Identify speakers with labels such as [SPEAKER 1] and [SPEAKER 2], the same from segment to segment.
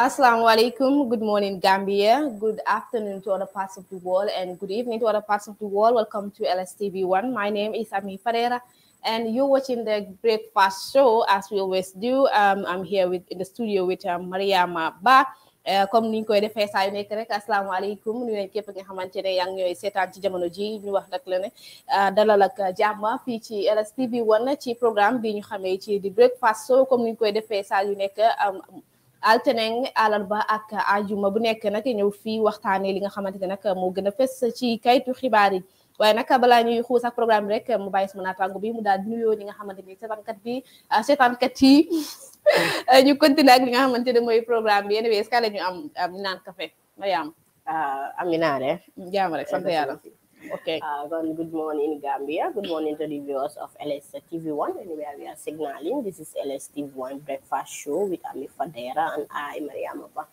[SPEAKER 1] Assalamu alaikum. Good morning, Gambia. Good afternoon to other parts of the world, and good evening to other parts of the world. Welcome to LSTV1. My name is Ami Ferreira, and you're watching the breakfast show as we always do. Um, I'm here with in the studio with um, Mariama Ba. Uh, comme niñ koy defee saa yu nekk rek asalaamaaleykum nuyu nañ képp nga xamante ne yaa ngi ñooy seetaan ci jamono ji ñu wax nag la ne uh, dalal ak jàmm fii ci LSTV1 ci programme bi ñu xamee ci di breakfast show comme niñ koy defee saa yu nekk. Um, alteneng àllarba ak ajuma bu nekk nag ñëw fii waxtaanee li nga xamante ne nag moo gën a fës ci kayitu xibaar yi waaye nag balaa ñuy xuus ak programme rek mu bàyyi sama naataango bi mu daal di nuyoo nga xamante ni seetaankat bi ah, seetaankat yi ñu continuer ak nga xamante ne mooy programme bi yéen wees ka la ñu am ñu kafe café Mariam. a de. jaam rek sant yàlla. Okay. Uh, good morning, Gambia. Good morning to the viewers of LS TV1. Anywhere we are signaling, this is LS TV1 breakfast show with Ami Fadera and I, Mariamapa.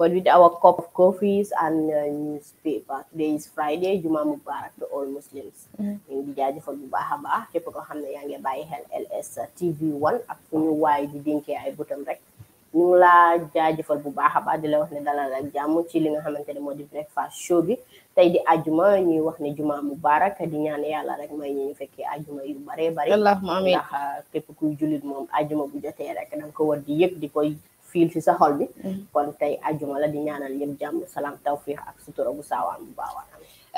[SPEAKER 1] But with our cup of coffees and uh, newspaper, today is Friday, Juma Mubarak to all Muslims. ñu mm-hmm. ngi jaajëfal bu baax a baax képp ko xam ne yaa ngi bàyyi xel LS TV1 ak fu ñu waay di dénkee ay bëtam rek. ñu ngi laa jaajëfal bu baax a baax di la wax ne dalal ak jàmm ci li nga xamante ne moo di breakfast show bi. tey di ajuma ñuy wax ne juma mubarak di ñaan yàlla rek may ñu ñu fekkee ajuma yu bare bare allahumma amiin ndax ah, képp kuy jullit moom ajuma bu jotee rek da nga ko war di yëg di koy fiil ci sa xol bi mm-hmm. kon tey ajuma la di ñaanal ñëpp jàmm salaam tawfiq ak sutura bu saawaan bu baawaan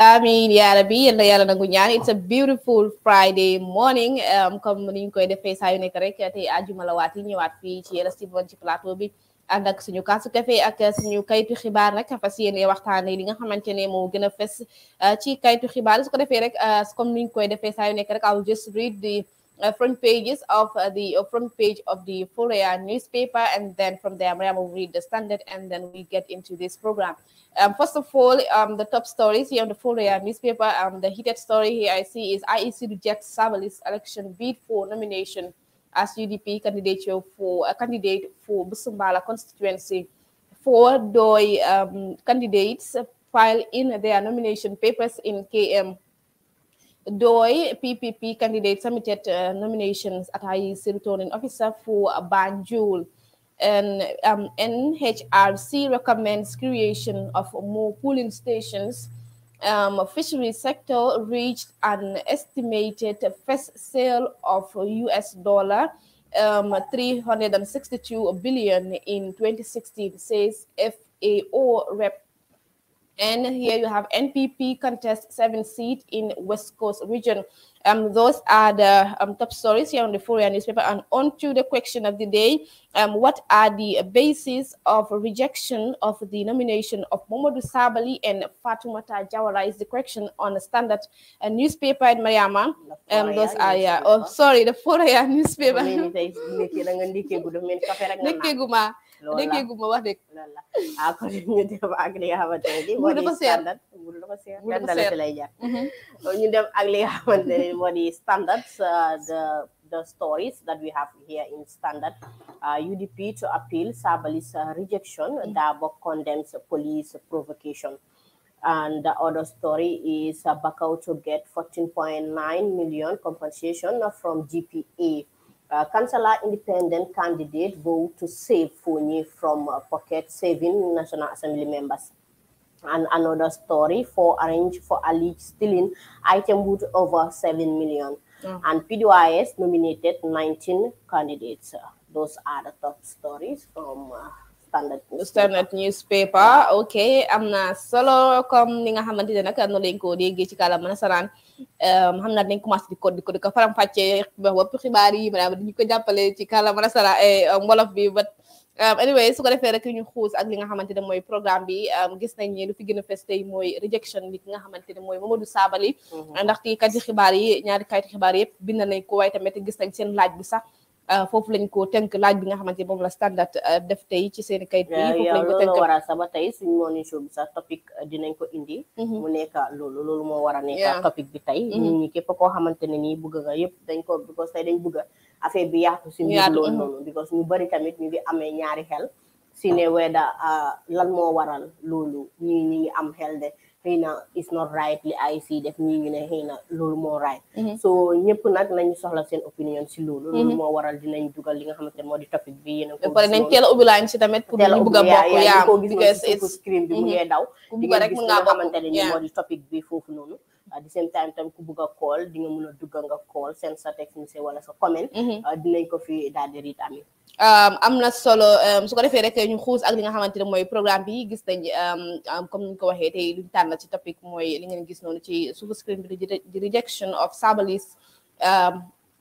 [SPEAKER 1] amin yaa rabbi yal na yàlla nangu ñaan it's a beautiful friday morning um, comme ni ñu koy defee saa yu nekk rek tey ajuma la waat yi ñëwaat fii ci yàlla si ci plateau bi ànd ak suñu kaasu café ak suñu kayitu xibaar rek fas yéene waxtaane li nga xamante ne moo gën a fes uh, ci kayitu xibaar su ko defee rek uh, comme niñ koy defee saa yu nekk rek I'll just read the uh, front pages of the front page of the Foroyaa newspaper and then from there Mariam will read the standard and then we get into this program Um, first of all, um, the top stories here on the Fourier newspaper. Um, the heated story here I see is IEC rejects Savali's election bid for nomination as UDP uh, candidate for a candidate for Busumbala constituency. Four DOI um, candidates file in their nomination papers in KM. DOI PPP candidate submitted uh, nominations at IEC returning officer for Banjul. And um, NHRC recommends creation of more polling stations um, fishery sector reached an estimated first sale of US dollar um, 362 billion in 2016, says FAO rep and here you have NPP contest seven seat in West Coast region. Um, those are the um, top stories here on the Fourier newspaper. And on to the question of the day, um, what are the bases of rejection of the nomination of Momodu Sabali and Fatuma Jawara is the question on the standard uh, newspaper in Mariama. Um, those are, yeah, oh, sorry, the Fourier newspaper loolu la déggee gu ma wax dëgg. loolu la ah kon ñu dem ak li nga xamante ne nii. moo di standard mënu la ko seet benn la si lay jaar. ñu dem ak standards the the stories that we have here in standard. UDP uh, to appeal Sabali's rejection. Darboe mm-hmm. condemns police provocation. And the other story is uh, Bakau to get 14.9 million compensation from GPA uh, Councillor Independent candidate vote to save Funi from uh, pocket saving National Assembly members. And another story for arrange for alleged stealing item worth over 7 million. Mm. And PDYS nominated 19 candidates. Uh, those are the top stories from uh, standard newspaper. standard newspaper okay am na solo comme ni nga xamantene nak no lañ Ehm, xam naa dañ commencé di ko di ko di ko faram-fàccee bopp xibaar yi maanaam dañu ko jàppale ci kàllaama nasara eh, um, wolof bi ba um, anyway su ko defee rek ñu xuus ak li nga xamante ne mooy programme bi um, gis nañ ne lu fi gën a fes tey mooy rejection bi ki nga xamante ne mooy Mamadou Sabali mm-hmm. ndaxte kayiti xibaar yi ñaari kayiti xibaar yëpp bind nañ ko waaye tamit gis nañ seen laaj bi sax Euh, foofu lañ ko tënk laaj bi nga xamante ni moom la standard euh, def tey ci seeni kayit bi foofu lañ ko tënk waral sama tey suñ morning show bi sax topic euh, dinañ ko indi mhm. mu nekk loolu loolu moo war a nekk topic bi tey mhm. nit ñi képp koo xamante ne nii bëgg nga yëpp dañ ko because tey dañ bëgg affaire bi yaatu si mbir loolu mhm. noonu because ñu bari tamit ñu bi amee ñaari xel si ne weda lan moo waral loolu ñii ñi ngi am xel xëy na it's not right li IEC def ñii ñu ne xëy na loolu moo right so ñëpp nag nañu soxla seen opinion si loolu loolu moo waral dinañ dugal li nga xamante ne moo di topic bi yéen a pare nañ teel a ubbi line si tamit pour ñu bëgg a bokk yaa ko screen bi mu daw di nga gis nga xamante ne moo topic bi foofu noonu at the same time tam ku bëgg a call di nga mun a dugg nga call seen sa text message wala sa comment mhm. ah, dinañ ko fi daal di riit Um, am na solo um, su ko defee rek ñu xuus ak li nga xamante ne mooy programme bi gis nañ um, um, comme niñ ko waxee tey luñ tànn ci topic mooy li ngeen gis noonu ci suufu screen bi rejection of um,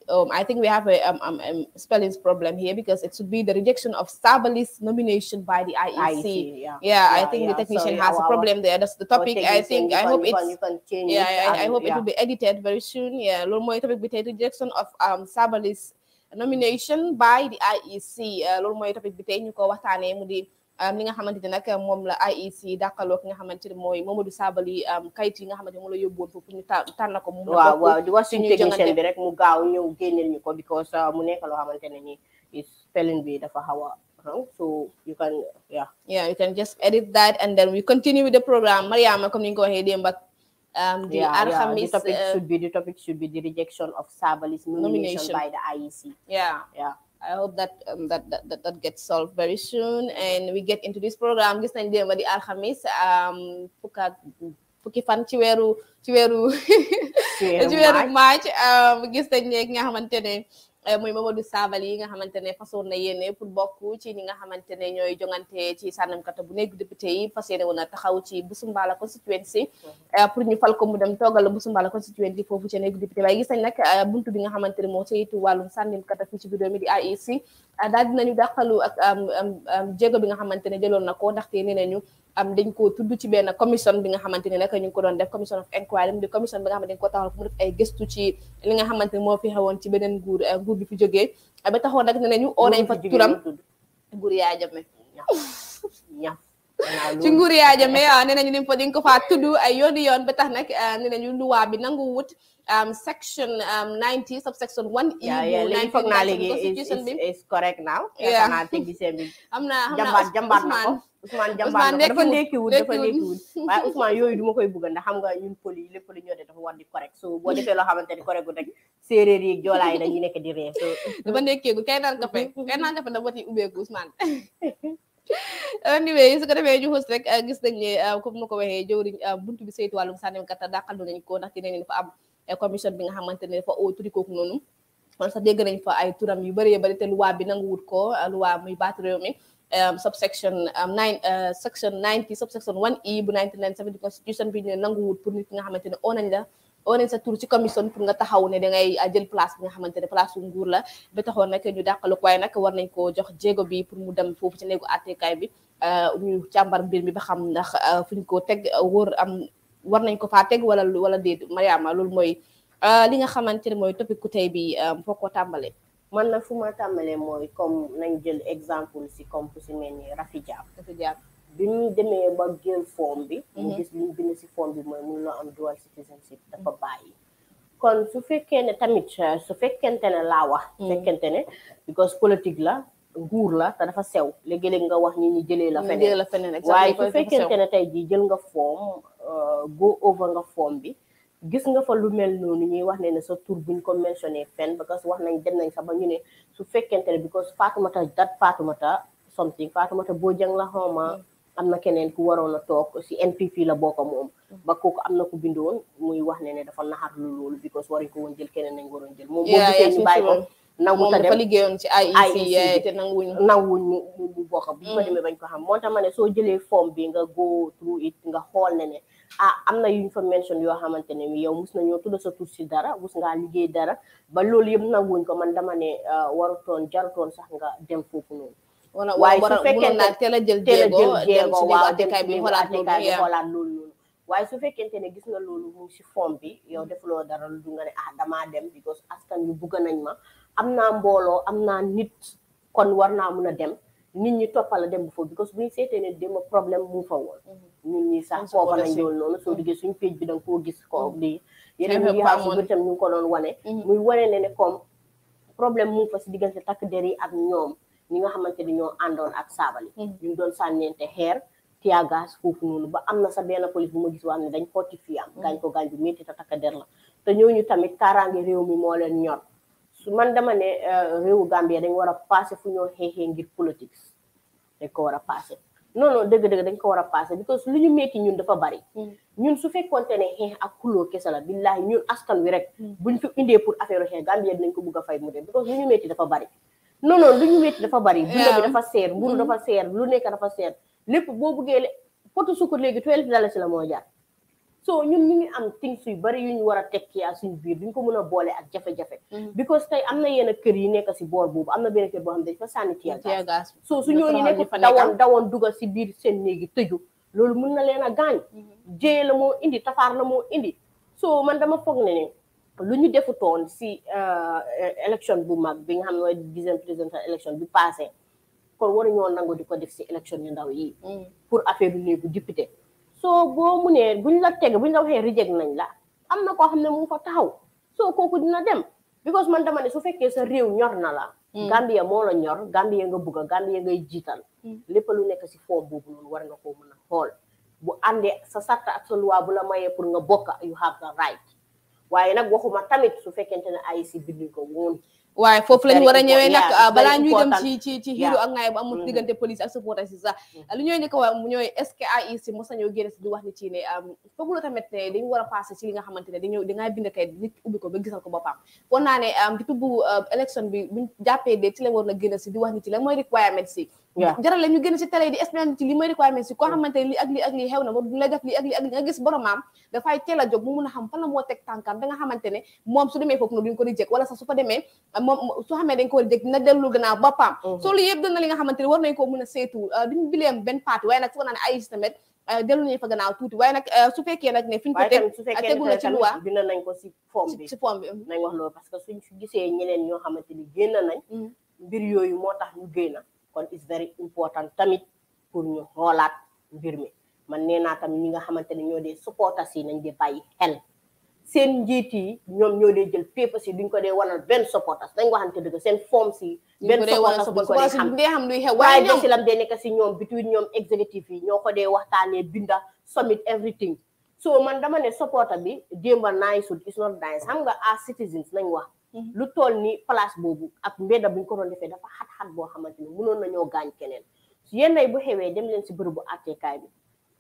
[SPEAKER 1] um, I think we have a um, um, um, spellings problem here because it should be the rejection of Sabali's nomination by the IEC. IEC yeah. yeah. yeah, I think yeah. the technician so, has a problem there. That's the topic. I think I hope it's yeah, I, hope it will be edited very soon. Yeah, little more topic with the rejection of um, Sabali's nomination by the IEC. A uh, little more topic with the ni nga xamante ne nag moom la IEC dàqaloo ki nga xamante ne mooy Mamadou Sabali kayit yi nga xamante ne moom la yóbbuwoon foofu ñu tànn ko. mu waaw waaw di wax suñu technicien bi rek mu gaaw ñëw génneel ñu ko uh, nekk loo xamante ne nii spelling bi dafa xaw a so you can yeah. Yeah, you can just edit that and then we continue with the program. Mariama, come in, go ahead, but um, di yeah, Alchemist, yeah. the topic uh, should be the rejection of Sabali's nomination, by the IEC. yeah. I hope that, um, that, that, that that gets solved very soon and we get into this program gis nañ démb di alxamis um, fukk ak fukki fan ci weeru ci weeru ci weeru maaj um, gis nañ ne nga xamante ne Eh, muy Mamadou Sabali yi nga xamante ne fasoon na yéene pour bokk ci ñi nga xamante ne ñooy jongante ci sànnamkata bu nekk député yi fas yéene woon a taxaw ci Busumbala constituency eh, pour ñu fal ko mu dem toogal Busumbala constituency foofu ci nekk député waaye gis nañ nag eh, buntu bi nga xamante ne moo saytu wàllum sànnamkata fii ci biir réew a di AIC daal dinañu dàqalu ak jéego bi nga xamante ne jëloon na ko ndaxte nee ñu am dañ koo tudd ci benn commission bi nga xamante ne nag ñu ngi ko doon def commission of inquiry mu di commission bi nga xamante dañ ko taxawal fu mu def ay gëstu ci li nga xamante ne moo fi xewoon ci beneen nguur eh, nguur bi fi jógee eh, ba taxoon nag ne ne ñu oo nañ fa turam nguur yaa jame ñam ci nguur yaa jame ah, nee nañu lim fa dañ ko faa tudd ay yooni yoon ba tax nag eh, nee nañu luwaa bi wut Um, section 90 um, subsection 1. E yeah yeah léegi foog naa léegi is correct now. yeah am na am na jàmbaat na ko Ousmane jàmbaat na ko dafa nekkiwul dafa nekkiwul waaye Ousmane yooyu du ma koy bugg ndax xam nga ñun pël yi lépp lu ñoo de dafa war di correct so boo defee loo xamante ni correct gu rek séeréer yi joolaa yi dañuy nekk di ree so dafa nekkeegu kay naan kafe kay naan kafe dafa ti ubbeeku Ousmane anyway su ko defee ñu xus rek gis nañ ne uh, comme ma ko waxee j uh, buntu bi saytu wàllum sànni kata dàqal nañ ko ndax dinañ fa am E commission bi nga xamante ne dafa au tricot noonu kon sax dégg nañ fa ay turam yu bëree bëri te luwaa bi nangu wut ko luwaa muy baat réew mi um, subsection um, nine uh, section 90 subsection 1E e bu 1970 constitution bi ne nangu wut pour nit nga xamante ne oo nañ la oo nañ sa tur ci commission pour nga taxaw ne da ngay uh, jël place bi nga xamante ne place su nguur la ba taxoon nag ñu dàqalu ko waaye nag war nañ koo jox jéego bi pour mu dem foofu ci néegu àttekaay bi uh, ñu càmbar mbir mi ba xam ndax fu ñu ko teg wóor am war nañ ko faa teg wala wala déet Mariama loolu mooy euh, li nga xamante ne mooy topiku tey bi euh, foo ko tàmbalee man na fu ma tàmbalee mooy comme nañ jël exemple si comme si mel ni Rafi Diab Rafi Diab bi ñu demee ba jël form bi ñu mhm. gis liñ bind si form bi mooy mun loo am dual citizenship dafa bàyyi kon su fekkee ne tamit euh, su fekkente ne laa wax su mhm. fekkente ne because politique la nguur la te dafa sew léegi-léegi nga wax ñi ñu jëlee la feneen waaye su fekkente ne tey jii jël nga form Euh, go over nga form bi gis nga fa lu mel noonu ñuy wax ne ne sa tur buñ ko mentionné fenn because wax nañ dem nañ sax ba ñu ne su fekkente ne because Fatoumata dat Fatoumata something Fatoumata Bojang la xawma am na keneen ku waroon a toog si NPP la bokk moom mm-hmm. ba kooku am na ku bindoon muy wax ne ne dafa naxar lu loolu because waruñ ko woon jël keneen nañ waroon jël moom boo gisee ñu nanguta dem dafa liggéeyoon ci AIC e e yi te nanguwuñu nanguwuñu mu bokk bu fa mm. demee bañ ko xam moo tax ma ne soo jëlee form bi nga go through it nga xool ne ne ah am na yuñ fa mention yoo xamante ne yow mus nañoo tudd sa tur si dara mus ngaa liggéey dara ba loolu yëpp wuñ ko man dama ne ah, warutoon jarutoon sax nga dem foofu noonu waaye su fekkee ne teel a jël jéego waaw dem si néegu atekaay bi xoolaat loolu noonu waaye su fekkente ne gis nga loolu mu si form bi yow defuloo dara lu du nga ne ah damaa dem because askan yu bugg nañ ma am naa mbooloo am na nit kon war naa mun a dem nit ñi toppala dem bu foog because buñ seetee ne déma problème mu fa woon ñun mhm. ñi sax foofa nañ doon noonu soo duggee suñ page bi danga koo gis ko mhm. di yeneen yaa si biir tam ñu ngi ko doon wane mhm. muy wane ne ne comme problème mu fa si diggante takk der yi ak ñoom ñi nga xamante ni ñoo àndoon ak saabali ñu doon sànneente xeer tear gas foofu noonu ba am na sa benn police bu ma gis waa ne dañ xotti fii am gaañ ko gaañ bu métti te takk der la te ñooñu tamit kaaraange réew mi moo leen ñor su man dama ne euh, réewu Gambie dañ war a passé fu ñoo xeexee ngir politique dañ ko war a passé non non dëgg-dëgg ko war a passé because lu ñu metti ñun dafa bari mm. ñun su fekkoonte ne xeex ak xuloo kese la billahi ñun askan wi rek mm. buñ fi indee pour affaire xeex Gambie dinañ ko bugg a fay mu dem because lu ñu metti dafa bari non non lu ñu metti dafa bari dund bi dafa seer mburu mm-hmm. dafa seer lu nekk dafa seer lépp boo buggee potu sukkur léegi twelve dalasi la moo jar so ñun ñu ngi am things yu bari yu ñu war a tekki à suñu biir duñ ko mën a boole ak jafe-jafe mm-hmm. because tey am na a kër yi nekk si boor boobu am na benn kër boo xam ne dañ fa sànni teer gas so su ñooñu nekk dawoon dawoon dugal si biir seen néegi tëju loolu mun na leen a gaañ mm-hmm. jéye la moo indi tafaar la moo indi soo man dama foog ne ne lu ñu defutoon si élection euh, bu mag bi nga xam ne mooy dixième présidential élection bi passé kon waruñoo nangu di ko def si élection yu ndaw yi mm-hmm. pour affaire yu néegu député soo boo mu nee buñ la teg buñ la waxee reject nañ la am na koo xam ne mu ngi fa taxaw soo kooku dina dem because man dama ne su fekkee sa réew ñor na la hmm. Gambia moo la ñor Gambia nga bugg a Gambia ngay jiital hmm. lépp lu nekk si form boobu noonu war nga koo mën a xool bu àndee sa sàrt ak sa loi bu la mayee pour nga bokk you have the right waaye nag waxuma tamit su fekkente ne ay si bind ko woon waaye foofu lañ war a ñëwee nag ah, balaa ñuy dem ci ci ci xiiru a ngaay bu amul mm-hmm. diggante police ak supporters yi sax mm-hmm. lu ñooy nekk waa ñooy est-ce que AIC mos nañoo génne si di wax ni ci ne fooguloo tamit ne war a passé ci nga xamante ne dañoo dangaa bind kay nit ubbi ko ba gisal ko boppam kon naa ne depuis euh, bi buñ jàppee de ci lañ war a génne si di wax ni ci lan mooy requirement si jaral la ñu génn si télé di expliquer ci li mooy requirement si koo xamante ne lii ak lii ak lii xew na ba du lay def lii ak lii ak lii nga gis boromam dafay teel a jóg mu mun a xam fan la moo teg tànkam da nga xamante ne moom su demee foofu noonu duñ ko di jëkk wala sax su fa demee moom su xamee dañ ko war a jëkk dina dellu gannaaw boppam uh-huh. soo lu yëpp doon na li nga xamante ne war nañ koo mun a seetu uh, duñ bileem benn parti waaye nag su ko naa ne ay tamit uh, dellu nañu fa gannaaw tuuti waaye nag uh, su fekkee nag ne fi ñu ko teg tegu na ci loi bind nañ ko si forme bi si forme bi nañ wax loolu parce que suñ gisee ñeneen ñoo xamante ni génn nañ mm-hmm. mbir yooyu moo tax ñu génn kon it's very important tamit pour ñu xoolaat mbir mi man nee naa tamit ñi nga xamante ne ñoo dee supporters yi nañ dee bàyyi xel seen njiit yi ñoom ñoo dee jël papers yi duñ ko dee wanal benn supporters dañ waxante dëgg seen forms yi benn supporters duñ ko dee xam waaye desi lam dee nekk si ñoom between ñoom executive yi ñoo ko dee waxtaanee binda summit everything so man dama ne supporter bi démba nice it's not nice xam nga as citizens nañ wax Mhm. lu toll ni place boobu ak mbedda buñ ko doon defee dafa xat-xat boo xamante ni mënoon nañoo gaañ keneen su yenn bu xewee dem leen si bërëbu àtteekaay bi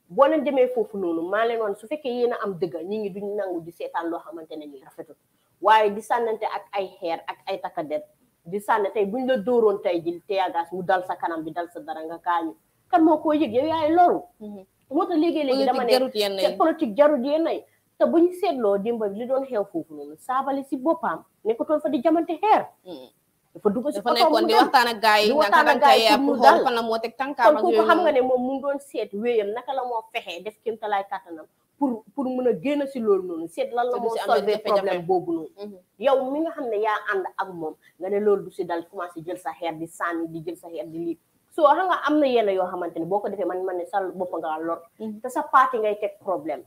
[SPEAKER 1] boo leen demee foofu noonu maa leen woon su fekkee yéen a am dëgg ñi ngi duñ nangu di seetaan loo xamante ne nii rafetul waaye di sànnante ak ay xeer ak ay takkader di sànne tey buñ la dóoroon tey ji teyagas mu dal sa kanam bi dal sa dara nga kaañu kan moo koo yëg yow yaay loru mhm. moo tax léegi-léegi dama ne politique jarut yenn yi te buñ seetloo dimba li doon xew foofu noonu saabali si boppam nekkutoon fa di jamante xeer hmm. dafa dugg si dafa nekkoon di waxtaan ak gars yi waxtaan ak gars yi pour xool fan la moo teg tànkaam kon kooku xam ne moom mu doon seet wéyam naka la moo fexee def kéem pour pour mën a génn si loolu noonu seet lan la moo solve problème boobu noonu mhm. yow mi nga xam ne yaa ànd ak moom nga ne loolu du si dal commencé jël sa xeer di sànni di jël sa xeer di lii soo xam am na yenn yoo xamante ne boo ko defee man man ne sa bopp nga lor mhm. te sa parti ngay teg problème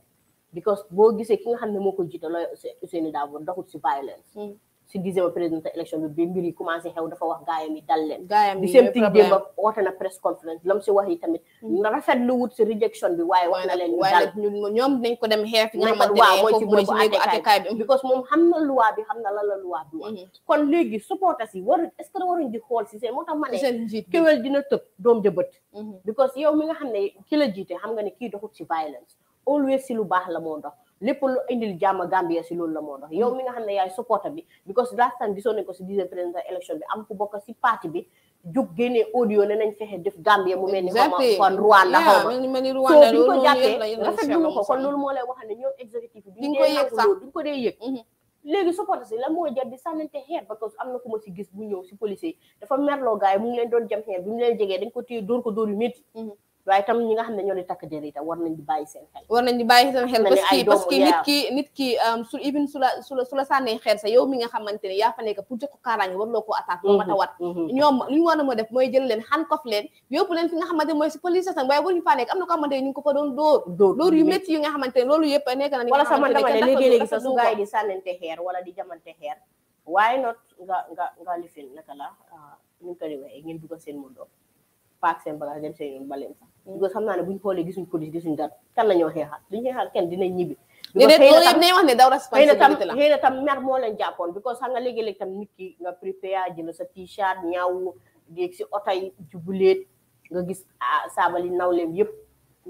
[SPEAKER 1] because boo gisee ki nga xam ne moo ko jiite looy Ousseynou Daabo doxut si violence hmm. si dixième présidentielle élection bi bi mbir yi commencé xew dafa wax gaayam yi dal leen di same thing démb woote na press conference lam si wax yi tamit na rafet lu wut si rejection bi waaye wax na leen ñu dal ñoom nañ ko dem xeex fi nga xamante ne mooy ci bërëbu attekaay bi because moom xam na luwaa bi xam na lan la luwaa bi wax hmm. kon léegi supporters yi waru est ce di xool si se moo tax ma ne kéwél dina tëb doom jëbët hmm. because yow mi nga xam ne ki la jiite xam nga ne kii doxut si violence always si lu baax la moo dox lépp lu indil jàmm si loolu la moo dox yow mi nga xam ne yaay supporter bi because last gisoon ne nañ ni kon Rwanda si la moo mm-hmm. jar di sànnante xeer parce que am na ku ma si gis bu ñëw si policier yi dafa merloo gars mu ngi leen doon jam xeer bi mu leen jegee dañ ko téye dóor ko waaye tam nga xam ne ñoo di takk der itam war nañ di bàyyi seen parce que nit ki nit su even su la la su la sànnee xeer sa yow mi nga xamante ne yaa fa nekk pour jox ko kaaraange mhm, mhm. war ko attaque moo mat a wat a a def mooy jël leen handcuff leen yóbbu leen fi nga xamante ne mooy si police station waaye waruñu faa nekk am na ko xamante ne ñu ko fa doon dóor dóor yu métti yu loolu yëpp nekk na wala sama dama ne léegi-léegi sa su gaay di sànnante xeer wala di jamante xeer waaye not nga nga ah, seen mu doom paak seen bagage dem seen yoon ba leen sax because xam naa ne buñ xoolee gisuñ police gisuñ dara kan la ñoo xeexal duñ xeexal kenn dinañ ñibbi xëy na tam mer moo leen jàppoon because xam nga léegi-léeg tam nit mhm. ki nga prépare jël sa t-shirt mhm. ñaaw déeg si otay jubuleet nga gis saabali nawleem yëpp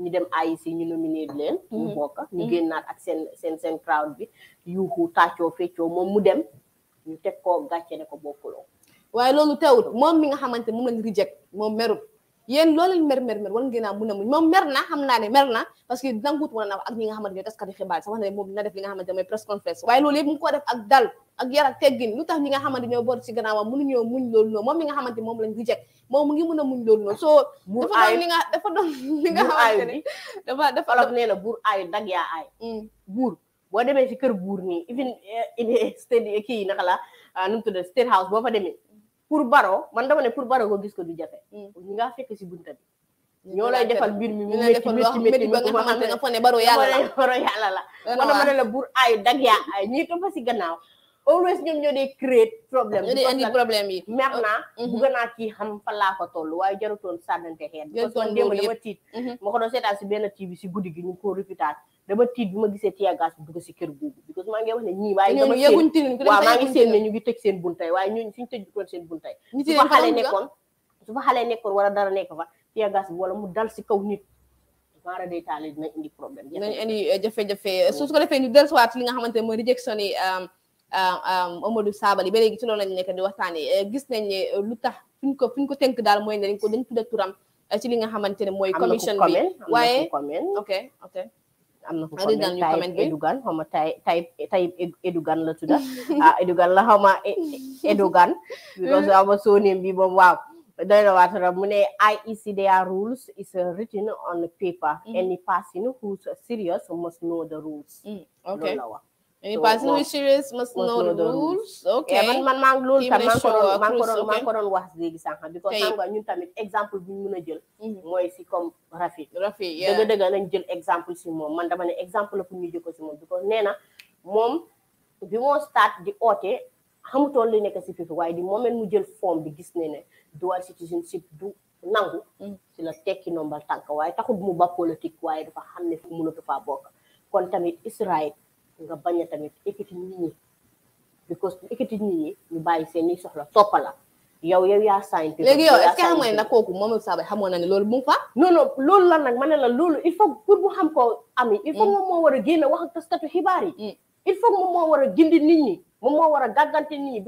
[SPEAKER 1] ñu dem IEC ñu nominé leen ñu bokk ñu génnaat ak seen seen seen crowd bi yuuxu tàccoo feccoo moom mu dem ñu teg ko gàcce ne ko bokkuloo waaye loolu teewut moom mi nga xamante moom lañ reject moom merut yéen loo leen mer mer mer war ngeen a mën a muñ moom mer na xam naa parce que danguut woon na ak ñi nga xamante ne taskati xibaar sax wax na ne moom na def li nga xamante ne mooy press conference waaye loolu yëpp mu ngi ko def ak dal ak yar ak a muñ loolu noonu dafa doon li nga dafa xamante ne dafa dafa olof nee na buur aayu dag yaa aay mm. buur boo demee ci kër buur nii even eh, in state kii naka la ah, nu mu tudd state house boo fa demee pour baro man dama ne pour baro nga gis ko du jafe. Mm. ñi nga fekk si bunta bi. ñoo lay defal mbir mi mu métti métti métti ba nga xam ne nga fone baro yàlla la baro yàlla la. man dama ne la bur ay dag yaa ay si gannaaw. always ñoom ñoo dee create problème ñoo dee indi problème yi mer mm-hmm. naa bëgg naa kii xam fan laa ko toll waaye jarutoon sànnante xeet jarutoon mm-hmm. si guddi gi ñu ko répétaat dama tiit ma gisee tiyagas bi dugg si kër googu because seen ne ñu ngi tëj seen buntay waaye ñooñu suñu tëj ko seen buntay su fa xale nekkoon fa xale nekkoon wala dara nekk fa tiyagas bi wala mu dal si kaw nit mara dee taale dina indi problème jafe-jafe eh, su ko defee ñu dellusiwaat li nga xamante ne mooy rejection yi um, Euh, euh, Amadou Sabali ba léegi ci loolu lañ nekk di waxtaane euh, gis nañ ne lu tax fuñ ko fuñ ko tënk daal mooy ne dañ ko dañ tudda turam ci li nga xamante ne mooy commission bi waaye ok am na ko comment Taib Edugan xaw ma Taib la tudda ah Edugan la xaw ma Edugan because ama surname bi moom waaw doy na waat mu ne IECDR rules is written on paper mm. any person who's serious must know the rules mm, loolu la any person who is serious must know man man maa ngi loolu tam maa ngi ko doon maa ngi ko doon maa ngi wax léegi sànq because xam a ñun tamit exemple bi ñu mën a jël mm-hmm. mooy si comme Rafi Rafi dëgg dëgg nañ jël exemple si moom man dama ne exemple la pour ñu jëkko si moom because nee na moom bi moo start di oote xamutoon li nekk si fifi waaye di moment mu jël forme bi gis ne ne dual citizenship du nangu mm-hmm. si la tekki nombal tànk waaye taxul mu ba politique waaye dafa xam ne fu mënatu faa bokk kon tamit Israël nga bañ a tamit ekkati nit ñi because ekkati nit ñi ñu bàyyi seen i soxla toppala yow yow yaa scientifique léegi yow est-ce que xam nga ne nag kooku xamoon na loolu mu ngi fa non non loolu la nag ma ne la loolu il faut pour bu xam ko ami il faut mm. moom moo war a génn wax ak taskatu xibaar yi mm. il faut moom moo war a gindi nit ñi moom moo war a gàggante nit e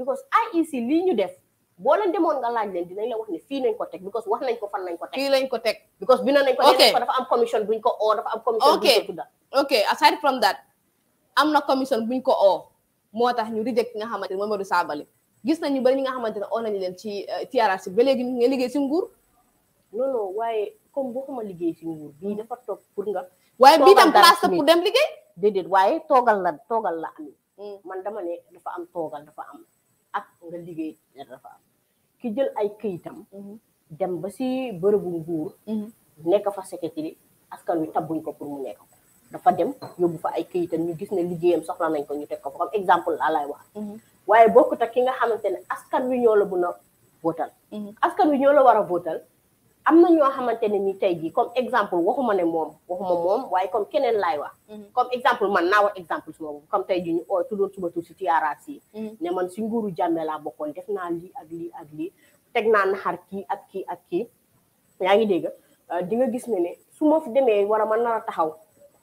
[SPEAKER 1] lii ñu def boo leen demoon nga laaj leen dinañ la wax ne fii nañ ko teg because wax nañ ko fan nañ ko teg fii lañ ko teg because na nañ ko dafa am commission buñ ko oo dafa am commission amna commission buñ ko o motax ñu reject nga xamanteni ne mooy Modou Sabally gis nañ ñu bari ñi nga xamanteni ne nañu ci eh, TRRC ba léegi nga liggéey si nguur non non waye comme bu xuma liggéey ci nguur bi dafa top pour nga waye bi tam place pour dem liggéey dedet waye togal la togal la am mm. man dama ne dafa am togal dafa am ak nga liggéey dafa am ki jël ay këyitam mm-hmm. dem ba si bërëbu nguur mm-hmm. nek fa secrétaire askan wi tabuñ ko pour mu nek ko dafa dem yóbbu fa ay kayitam ñu gis ne liggéeyam soxla nañ ko ñu teg ko fa comme exemple laa lay wax mhm. waaye bokkut ak ki nga xamante ne askan wi ñoo la bu na vootal mhm. askan wi ñoo la war a vootal am na ñoo xamante ne ni tey jii comme exemple waxuma ne moom waxuma moom waaye comme keneen laay wax mhm. comme exemple man naa wax exemple suma bopp comme tey jii ñu oo tuddoon suma tur si tiyaaraas yi ne man si nguuru jàmme laa bokkoon def naa lii ak lii ak lii teg naa naxar kii ak kii ak kii yaa ngi dégg euh, di nga gis ne ne su ma demee war a ma nar taxaw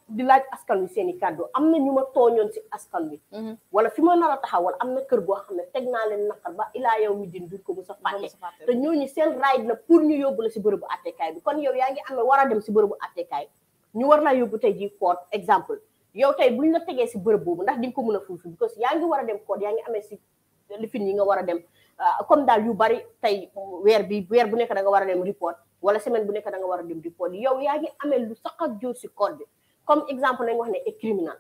[SPEAKER 1] di laaj askan wi seeni i kàddu am na ñu ma tooñoon si askan wi. Mhm. wala fi ma nar a taxawal am na kër goo xam ne teg naa leen naqar ba ilaa yow mi din duñ ko mos a fàtte te ñi seen raay la pour ñu yóbbu la si bërëbu attekaay bi kon yow yaa ngi amee war a dem si bërëbu attekaay ñu war laa yóbbu tey ji koot exemple yow tey buñ la tegee si bërëb boobu ndax di nga ko mën a fulfil parce que yaa ngi war a dem koot yaa ngi amee si lifin yi nga war a dem ah, comme daal yu bari tey weer bi weer bu nekk da nga war a dem report wala semaine bu nekk da nga war a dem report yow yaa ngi amee lu sax ak jóor si koot bi comme exemple nañ wax ne et criminel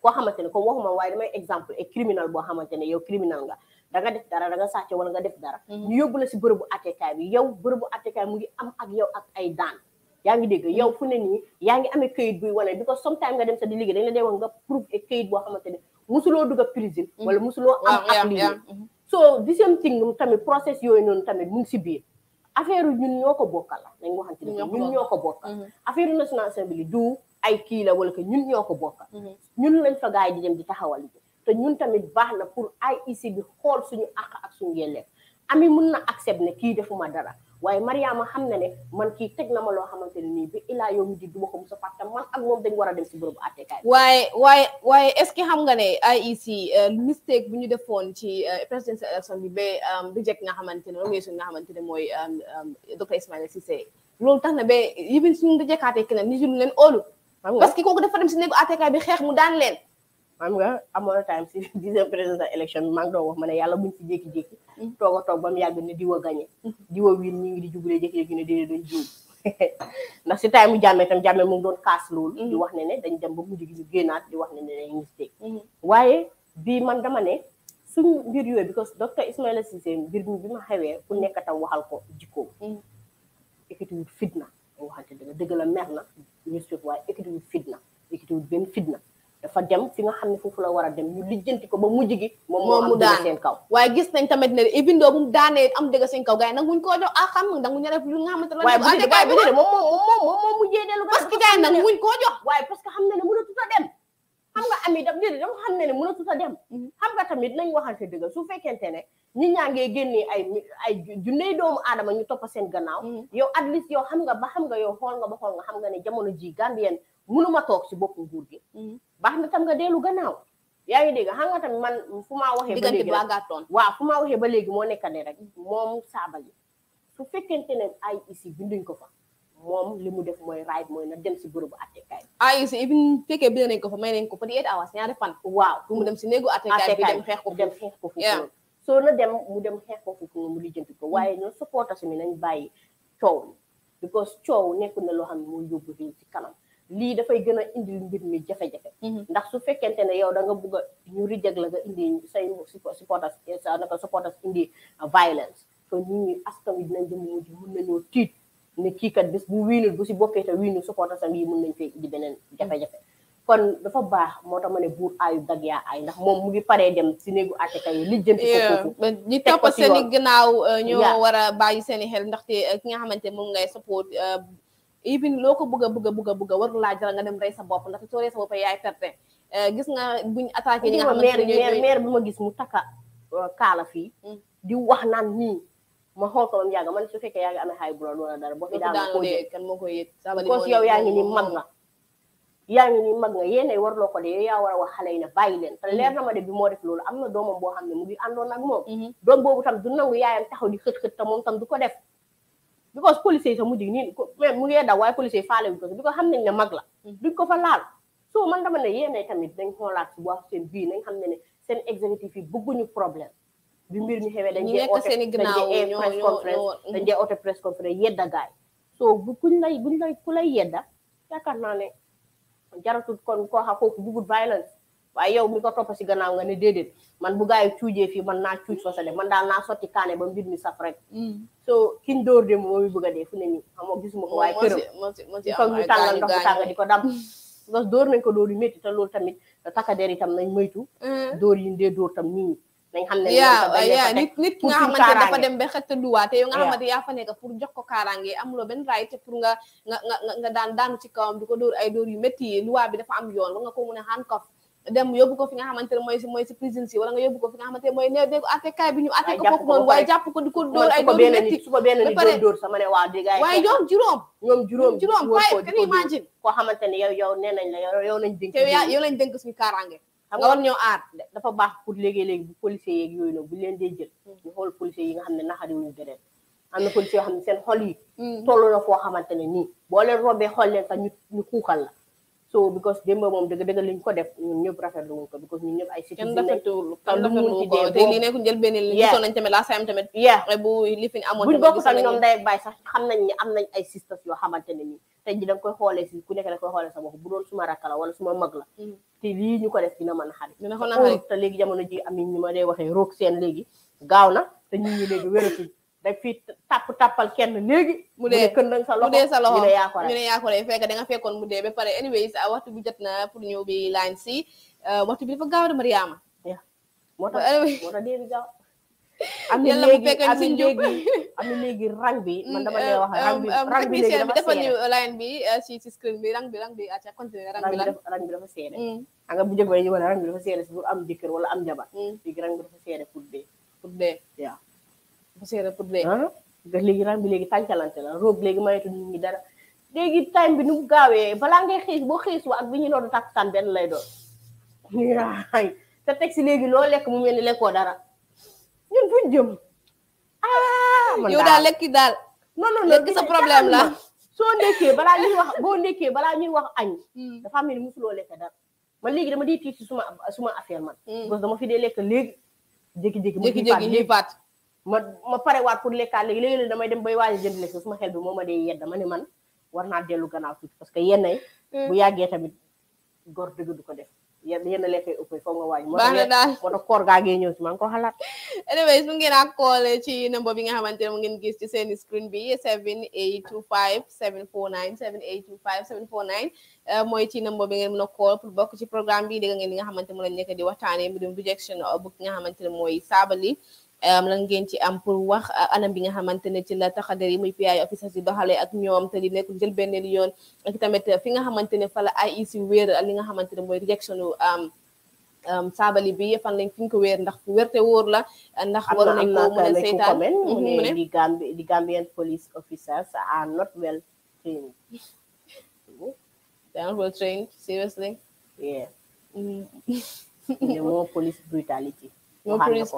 [SPEAKER 1] koo xamante ne comme waxuma waaye damay exemple et boo xamante ne yow criminel nga da nga def dara da nga sàcce wala nga def dara mm-hmm. ñu yóbbu la si bërëbu attekaay bi yow bërëbu attekaay mu ngi am ak yow ak ay daan yaa ngi dégg mm-hmm. yow fu ne nii yaa ngi amee këyit buy wane because sometimes nga dem sa di liggéey dañ la dee wax nga prouve et këyit boo xamante ne musuloo dugg a prison mm-hmm. wala musuloo am ah, ak liggéey so the same thing tamit process yooyu noonu tamit mu ngi si biir affaire ñun ñoo ko bokkal la dañ waxante ne ñun ñoo ko bokkal affaire national assembly du ay kii la wala que ñun ñoo ko bokk. Mhm. ñun lañ fa gars yi di dem di taxawal ji te ñun tamit baax na pour IEC bi xool suñu àq ak suñu yelleef ami mun na ak accept ne kii defuma dara waaye Mariama xam ne ne man kii teg na ma loo xamante ne nii bi ilaa yow mi di duma ko musa fàtte man ak moom dañ war a dem si bërëbu àttekaay waaye waaye waaye est-ce que xam nga ne ay IEC euh, mistake bu ñu defoon ci euh, presidential election bi ba reject euh, nga xamante ne nomination nga xamante ne mooy docteur Ismaila Ceesay loolu tax na ba yibin suñu rejekaatee keneen ni jul leen óolu parce que kooku dafa dem si néegu ATK bi xeex mu daan leen. xam nga amoon time si dixième président élection bi maa doon wax ma ne yàlla buñ ci jékki-jékki. Mm-hmm. toog a toog ba mu yàgg ne diwa gagné. Mm-hmm. diwa wiin ñu ngi di jubalee jékki-jékki ne déedéet dañ jiw ndax si time mu tam jàmmee mu ngi doon kaas loolu. Mm-hmm. di wax ne ne dañ dem ba mujj gi ñu génnaat di wax ne ne dañ mistake. waaye bii man dama ne suñu mbir yooyu because docteur Ismaila Ceesay mbir bi ma xewee ku nekk tam waxal ko jikkoom. ekkatiwut fitna waxante dëgg dëgg la mer na ñu suuf waaye ekkitiwul fitna ekkitiwul benn fitna dafa dem fi nga xam ne foofu la war a dem ñu lijjanti ko ba mujj gi moom moo mu daan seen kaw waaye gis nañ tamit ne even though bu mu daanee am dëgg seen kaw gars yi nanguñ koo jox ah xam nga nanguñu def lu nga xamante ne waaye bu dee moom moom moom moom moom mujjee dellu parce que gars koo jox waaye parce que xam a dem xam nga ami daf déedéet dama xam ne ne mënatu a dem mm-hmm. xam nga tamit nañ waxante dëgg su fekkente ne ñi ñaa ngee génnee ay ay junney doomu aadama ñu toppa seen gannaaw mm-hmm. yow at least yo xam nga ba xam nga yow xool ba xool nga xam nga ne jamono ji Gambien mënuma toog si bopp nguur gi mm-hmm. baax na tam nga dellu gannaaw yaa ngi dégg xam nga tamit man fu maa waxee ba léegi waaw fu maa waxee ba léegi moo nekk ne rek moom saabali su fekkente ne ay isi binduñ ko fa moom li mu def mooy right mooy na dem si bërëbu attekaay bi. ah si even fekkee ko fa may nañ ko fa di eight hours ñaari fan. waaw pour mu dem si néegu attekaay bi dem xeex ko dem xeex ko soo na dem mu dem xeex ko foofu mu lijjanti ko waaye ñoo supporter su mi nañ bàyyi coow li because coow nekku na loo xam ne mooy yóbbu réew ci kanam lii dafay gën a indi mbir mi jafe-jafe mm-hmm. ndax su fekkente ne yow da nga bugg a ñu rijeg la nga indi say supporters eh, sa naka supporters indi uh, violence so nit ñi askan wi dinañ dem mujj mun nañoo tiit ne ki kat bis bu wiinul bu si bokkee te wiinul supporter sang yi mën nañ fay indi gitu benen jafé jafé kon dafa bax motax mané ma ayu dag ya ay ndax mom mu ngi paré dem ci négu até kay li jënti ko foofu ni top sen gnaaw gannaaw wara bayyi sen xel ndax i ki nga xamanté mom ngay support eh, even loko ko bëgg a bëgg a bëgg a bëgg a warul laa nga dem ray sa bop ndax so ray sa bop yaay perte gis nga buñ attaqué ñi nga xamanté ne maire bi ma gis mu taka kala eh, fi hmm. di wax nan ni ma xool ko ba mu man su fekkee yaa ngi amee high blood wala dara boo fi daanoo ko jël kan yaa ngi ni mag nga yaa ngi ni mag nga yéen ay warloo ko de yow a wax xale yi ne bàyyi leen mhm. na ma de bi moo def loolu am na doomam boo xam ne mu ngi àndoon ak moom mhm. doom boobu tam du nangu yaayam taxaw di xët-xët te moom tam du ko def because police yi sa mujj nii même mu ngee daw waaye police yi faale bi ko bi ko xam nañ ne mag la mhm. ko fa laal so man dama ne yéen ay tamit dañ xoolaat si bu wax seen bii nañ xam ne ne seen exécutif yi bëgguñu problème bi mbir mi xewee dañ dee oote press conference dañ mm. dee oote press conference yedda gaay so bu kuñ lay buñ lay ku lay yedda yaakaar naa ne jaratul kon koo xam kooku bugut violence waaye yow mi ko topp si gannaaw nga ne déedéet man bu gaay cuujee fii man naa cuuj fasale man daal naa soti kaane ba mbir mi saf rek mm. so kiñ dóor de moom mi bëgg a dee fu ne nii xam nga gisuma ko waaye këram foog ñu tàngal ndox tàng di ko dam parce que dóor nañ ko dóor yu métti te loolu tamit takkadeer itam nañ moytu mm. dóor yi dee dóor tam dañ xam yaa nit nit ki nga xamante dafa dem ba xetta luwaa te yow nga xamante yaa fa nekk pour jox ko kaaraange amuloo benn right pour nga nga nga daan daanu ci kawam di ko dóor ay dóor yi luwaa bi dafa am yoon war nga ko mun a handcuff dem yóbbu ko fi nga xamante mooy ne mooy ne dégg bi ñu atte ko foofu waaye jàpp ko di ko dóor ay dóor yu métti su ko waaye ñoom juróom ñoom juróom juróom waaye kan imagine koo xamante ne yow yow nee xam nga war ñoo aar dafa baax pour léegi-léegi bu policiers yeeg yooyu nag bu leen dee jël ñu xool policiers yi nga xam ne naxari wuñu beneen am na policiers yoo xam ne seen xol yi mm. toll na foo xamante ne nii boo leen robee xool leen sax ñu ñu xuuxal la so because démb moom dëgg dëgg liñ ko def ñun ñëpp rafetlu wuñ ko because ñun ñëpp ay citoyen lii nekk njël benn li gisoon nañ tamit laa sayam tamit bu li fi amoon buñ sax ñoom day bàyyi sax xam nañ ne am nañ ay sisters yoo xamante ne nii te ji danga koy xoolee si ku nekk danga koy xoolee sa bopp bu doon suma rakk wala suma mag la mm. te lii ñu ko def dina mën a xarit te léegi jamono ma dee waxee roog seen léegi gaaw na te nit ñi léegi wératuñ daf fi tàpp tàppal kenn léegi mu dee këndang sa loxo mu dee sa loxo ñu ne yaa ko rey da nga fekkoon mu dee ba pare anyways ah, waxtu bi jot na pour ñëw bi line si ah, waxtu bi dafa gaaw de Mariama moo tax moo tax dee
[SPEAKER 2] am na léegi am na léegi
[SPEAKER 1] am legi rang bi man dama lay wax rang bi rang bi legi dafa seere line bi si si screen bi rang bi rang bi aca continuer rang bi rang bi dafa seere a nga bu njëkk ba ñu wane rang bi dafa seere si pour am jëkkër wala am jabar léegi rang bi dafa seere pour dee pour dee waaw dafa seere pour dee da legi rang bi legi tàncalante la roog léegi mayetu nit ñi dara legi time bi nu mu gaawee balaa ngay xiis boo xiisoo ak bi ñu noodu takkusaan benn lay doon te teg si léegi loo lekk mu mel ni ya, dara fuñ jëm ah. man daal yow daal lekki daal. non non lekki sa problème la. soo ndekkee balaa ñuy wax boo ndekkee balaa ñuy wax añ. dafa am ne musuloo lekk dara man léegi dama di tiit si suma suma affaire man. parce dama fi dee lekk léegi. jékki-jékki mu jékki faat ma ma parewaat pour lekkaat léegi léegi damay dem bay waaj jënd lekk suma xel bi moo ma dee yedd dama ne man war naa dellu gannaaw tuuti parce que yenn bu yàggee tamit góor dëgg du ko def. yenn lekk yi ëpp foog nga wàññi. baax na daal moo tax koor gaa ngi ñëw ci maa ko xalaat. anyways mu ngeen a koole ci number bi nga xamante ne mu ngeen gis ci seen screen bi 7825 749 7825 749 mooy ci number bi ngeen mën a bokk ci programme bi dégg ngeen li nga xamante ne mu lañ nekk di waxtaanee mbirum rejection book nga xamante mooy saabali. lan ngeen ci am pour wax anam bi nga xamantene ci la taxadar yi muy PI officers yi doxalee ak ñoom te di nekk jël benn yoon ak tamit fi nga xamantene fa la IEC wër li nga xamante ne am rejection sabali bi fan lañ fiñ ko wër ndax fu wor la ndax war nañ ko mëna sétane di Gambi di Gambian police officers are not well trained they are well trained seriously yeah mm -hmm. more police brutality no police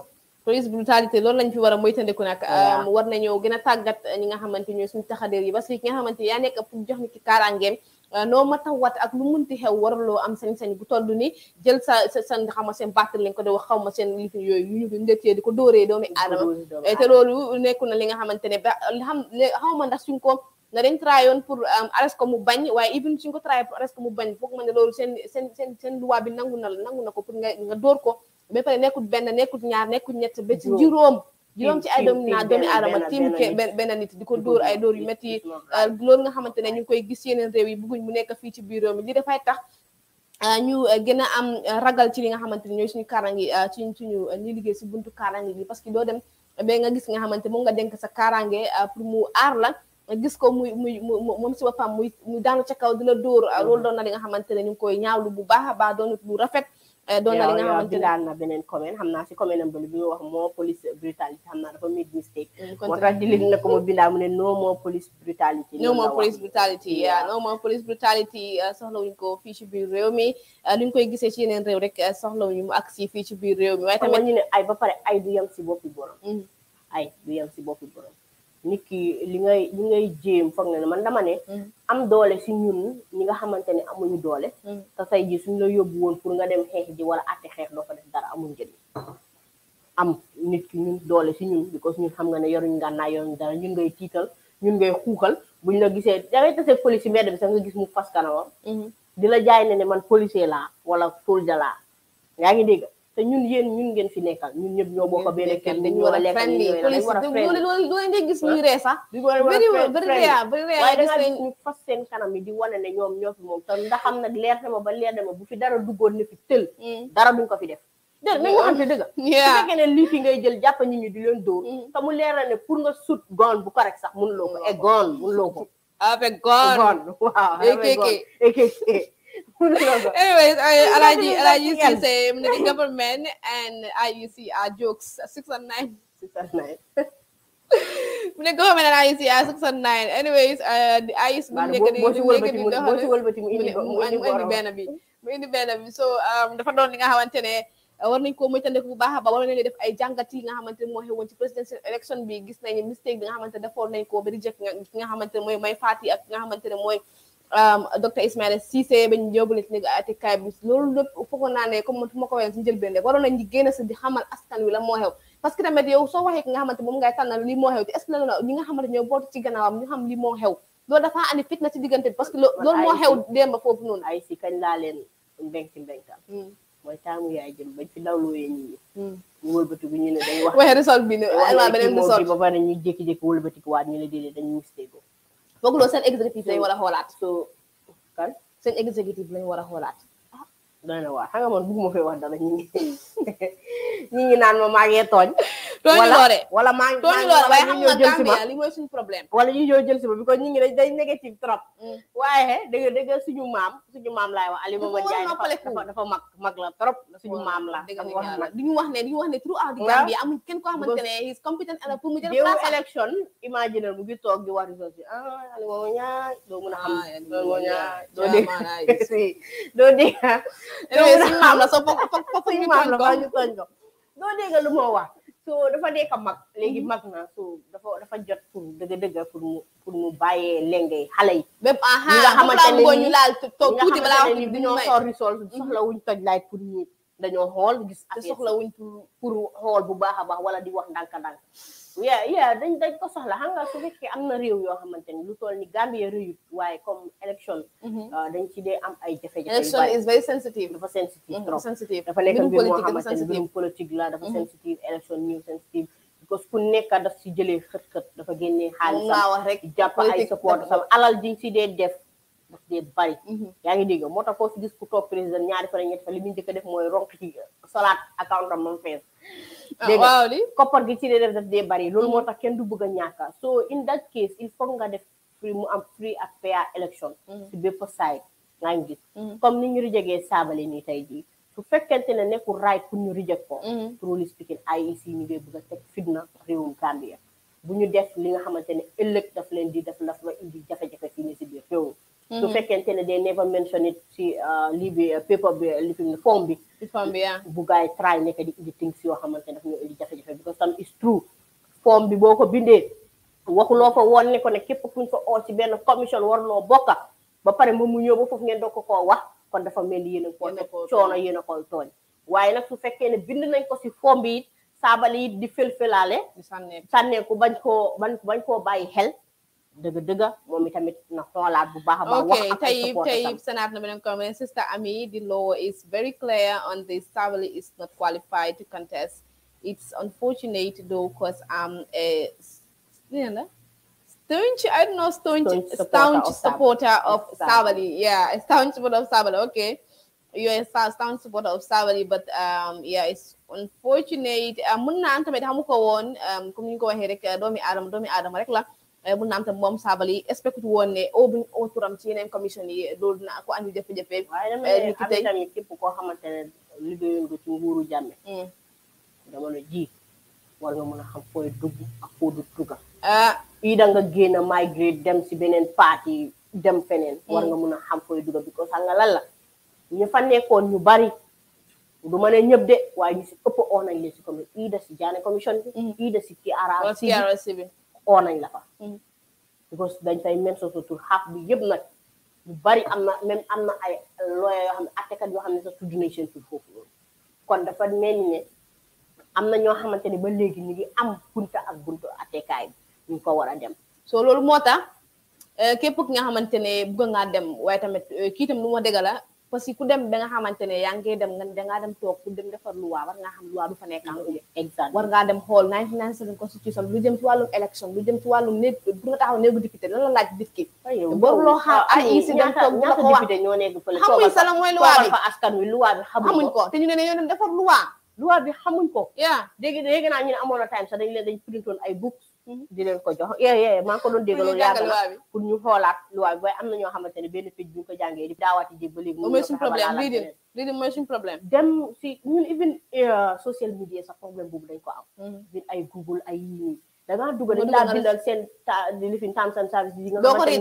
[SPEAKER 1] police brutalité loolu lañ fi war a moytandiku nag um, war nañoo gën a tàggat ñi nga xamante ñooy suñu taxadeer yi parce que ki nga xamante yaa nekk pour jox ni ki kaaraangeem uh, noo ma taw wat ak lu munti xew waraloo am sañ-sañ bu toll ni jël sa sa san xam ma seen battal lañ ko di wax xaw ma seen lifin yooyu yu ñu ndëkkee di ko dooree doomi aadama eh, te loolu nekku na li nga xamante ne ba xam xaw ma ndax suñ ko na dañ trayoon pour um, arrest ko mu bañ waaye even suñ ko traye pour arrest seen seen seen seen luwaa bi nangu na la nangu ko pour nga nga ko ba pare nekkut benn nekkut ñaar nekkut ñett ba ci juróom juróom ci ay doomi naa doomi aadama tiim ke benn nit di ko dóor ay dóor yu métti ah, loolu nga xamante ne ñu ngi koy gis yeneen réew mu nekk fii ci biir réew dafay tax ah, ñu eh, gën a am eh, ragal ci li nga xamante ne ñooy suñu kaaraange ah, ci suñu ñi liggéey si buntu kaaraange yi parce que doo dem ba nga gis nga xamante moom nga denk sa kaaraange pour mu aar la gis ko muy muy moom si boppam muy muy daanu ca kaw di la dóor loolu doon na li nga xamante ne ñu ngi koy ñaawlu bu baax a baax doonut lu rafet Eh, doon na li nga xamante ne daan na beneen comment xam naa si bi mu wax moo police brutality xam naa dafa made mistake mm, moo tax dilig na ko mu bindaa mu ne no more police brutality no more police brutality yeah no more police brutality eh, soxla wuñ ko fii ci réew mi li eh, ñu koy gisee ci yeneen réew rek soxla wuñu mu ak si fii ci biir réew mi waaye tamit ñu ne ay ba pare ay du yem si boppi borom mm. ay du yem si boppi borom nit ki li ngay li ngay jéem foog na ne man dama ne mm. am doole si ñun ñi nga xamante ne amuñu doole mm. te tey ji suñ la yóbbu woon pour nga dem xeex ji wala àtte xeex doo ko def dara amuñ njëriñ am nit ki ñun doole si ñun because ñun xam nga ne yoruñ ngànnaay yoruñ dara ñun ngay tiital ñun ngay xuuxal buñ la gisee dangay tase police yi mbedd bi sax nga gis mu fas kanamam mm-hmm. di la jaay ne ne man policier laa wala soldier laa yaa ngi dégg te ñun yéen ñun ngeen fi nekkal ñun ñëpp ñoo bokk benn kër dañu war a lekk dañu war a friendly de gis ñuy ree sax duñu fas seen kanam yi di wane ñoom ñoo fi moom te ndax xam nag leer na ma ba leer na ma bu fi dara duggoon ne fi tël mm. dara duñ ko fi def dégg nañu waxante dëgg su fekkee ne lii fi ngay jël jàpp nit ñi di leen dóor mm. te mu pour sut goon bu correct sax mënuloo ko mm. e eh, goon mënuloo ko avec goon waaw Anyways, I, I used to say, "I'm The government and I IUC are jokes. Six and nine. Six and nine. mu ne government and IEC à 69 anyways di IEC bu mu nekk di mu indi benn bi mu indi benn bi so dafa doon li nga xamante ne war nañ koo moytandiku bu baax a baax war nañu def ay jàngat yi nga xamante ne moo xewoon ci presidential election bi gis nañu mistake bi nga xamante ne defoon nañ ko ba reject nga xamante ne mooy may Fati ak nga xamante ne mooy Um, docteur Ismaïla Cissé bañ yóbbule ci nekk àttekaay bi loolu lépp foog naa ne comme man fu ma ko waxee suñu njëlbeen rek waroon nañ di génn sa di xamal askan wi la moo xew parce que tamit yow soo waxee ki nga xamante moom ngay tànnal li moo est que la ñi nga xamante ñoo bootu ci gannaawam ñu xam li moo xew loolu dafa parce que loolu moo xew démb foofu noonu ay si kañ laa leen mbénki mbénkal hmm. mooy taamu yaay jëm bañ fi dawlooyee nit ñi hmm. ñu wëlbatiku foog loolu seen exécutif lañu hmm. war a xoolaat so kan seen exécutif lañu war a xoolaat doy na waar xam nga man bugguma fee wax dara ñu ngi ñu ngi naan ma maa ngi tooñ. tooñu loore wala maa ngi tooñu loore waaye xam nga Gambia li mooy suñu problème. wala ñu ñoo jël si ma bi ko ñu ngi day négative trop. Mm. waaye dëgg dëgg suñu maam suñu maam laay wax Aliou Momar Jaay dafa dafa mag mag la trop suñu maam la. duñu wax ne duñu wax ne throughout di Gambia amul kenn koo xamante ne he's competent ala pour mu jël place élection imaginer mu ngi toog di war résultat ah Aliou Momar Jaay doo mën a xam doo mën a suñu maam la soo foog foog suñu maam la ñu tooñ ko doo dégg lu moo wax soo dafa nekk mag léegi mag na soo dafa dafa jot pour dëgg-dëgg pour mu pour mu bàyyee lenge xale yi. même aha nga xamante ne ñu laal toog tuuti balaa wax bi ñoo soor resolve soxla wuñ toj laay pour ñi dañoo xool gis. te soxla wuñ pour pour xool bu baax a baax wala di wax ndànk-ndànk. yeah yeah dañ dañ ko soxla xam nga su fekkee am na réew yoo xamante ni lu toll ni Gambia réyut waaye comme élection mhm. euh, dañ ci dee am ay jafe-jafe élection is very sensitive dafa sensitive mhm, trop dafa nekk mbir moo xamante ni mbirum politique la dafa mhm. sensitive élection ñëw sensitive parce que ku nekk daf si jëlee xët-xët dafa génnee xaalisam jàpp ay support sama alal jiñ si dee def daf dee bari mhm. yaa ngi dégg moo tax koo fi gis ku toog président ñaari a def mooy ronk ci salaat ah, gi ci def daf dee bari loolu moo mhm. tax kenn du bëgg a ñàkka so in that case il nga def free mu am free ak fair election mhm. si bépp side ngaa ngi gis comme ni ñu rijegee saabale nii tey jii su fekkente ne nekkul right pour ñu reject ko truly speaking IEC ñu dee bëgg a teg fitna réewum Gambia bu ñu def li nga xamante ne ëllëg daf leen di def la fa indi jafe-jafe fii nii si biir réew su mhm. fekkente ne day never mention it si uh, lii bi uh, paper bi uh, li fi bi form bu gaay try nekk di indi things yoo xamante ne daf ñoo indi jafe-jafe because tam is true form bi boo ko bindee waxuloo ko woon ne ko ne képp kuñ ko oo si benn commission warloo bokka ba pare moom mu ñëw ba foofu ngeen doog ko koo wax kon dafa mel ni yéen a koo coono yéen a koy tooñ waaye nag su fekkee ne bind nañ ko si form bi it saabali it di fël-fëlaale sànneeku bañ koo bañ bañ koo bàyyi xel dëgg-dëgg moom itamit na xoolaat bu baax a baax. ok Tayib Tayib Senate nominating committee Sister Ami the law is very clear on this. Sabally is not qualified to contest. It's unfortunate though, cause I'm um, a staunch, I don't know, staunch, staunch supporter of Sabally. Yeah, staunch supporter of Sabally. Okay, you're a staunch supporter of Sabally, but um, yeah, it's unfortunate. Uh, mun na am tamit xamu ko woon um, comme ni ñu ko waxee rek uh, doomi aadama doomi Adam, rek la. Eh, mu naam tam moom Sabally expecté woon ne au oh, bu au turam ci yeneen commission yi loolu dina ko andi jafe-jafe. waaye eh, tamit képp koo xamante ne liggéeyoon nga ci nguuru jàmme. Hmm. jamono ji war nga mën a xam fooy dugg ak foo du dugg. ah fii da nga génn migrate dem si beneen parti dem feneen. Hmm. war nga mën a xam fooy dugg bi ko sax nga lan la ñu fa nekkoon ñu bari. u ma ne ñëpp de waaye ñu si ëpp on nañ leen si commune ii da si jaane commission hmm. ii da si oo nañ la fa mm. because dañ fay même sa tur xaaf bi yëpp nag lu bari am na même am na ay looya yoo xam ne attekat yoo xam ne sax tudd nañ seen tur foofu loolu kon dafa mel ne am na ñoo xamante ne ba léegi ñu ngi am bunta ak buntu attekaay bi ñu ko war a dem soo loolu moo tax eh, képp ki nga xamante ne bëgg ngaa dem waaye tamit eh, kii tam lu ma dégg la parce que ku dem ba nga xamante ne yaa dem nga dem toog pour dem defar luwaa war ngaa xam luwaa du fa nekk anglais exact war ngaa dem xool 1997 constitution lu jëm ci wàllum élection lu jëm ci wàllum néeg bu nga taxaw néegu député lan la laaj nit ki boobu loo a ay dem toog bu la ko wax xamuñ sa la mooy luwaa bi askan wi luwaa bi xamuñ ko te ñu ne ne ñoo dem defar bi xamuñ ko yaa dégg dégg naa ñu na time sax dañ leen dañ printoon ay books Mm-hmm. di leen ko jox yee yee maa ngi ko doon pour ñu xoolaat loi bi waaye am na ñoo xamante ne benn picc bu ko jàngee di daawaati dégg ba léegi mooy suñu problème lii di lii di mooy suñu problème dem si ñun even euh, social media sax problème boobu dañ ko am biir mm-hmm. ay Google ay yi nii dangaa dugg dañ laa bindal seen lifin terms and services yi nga xamante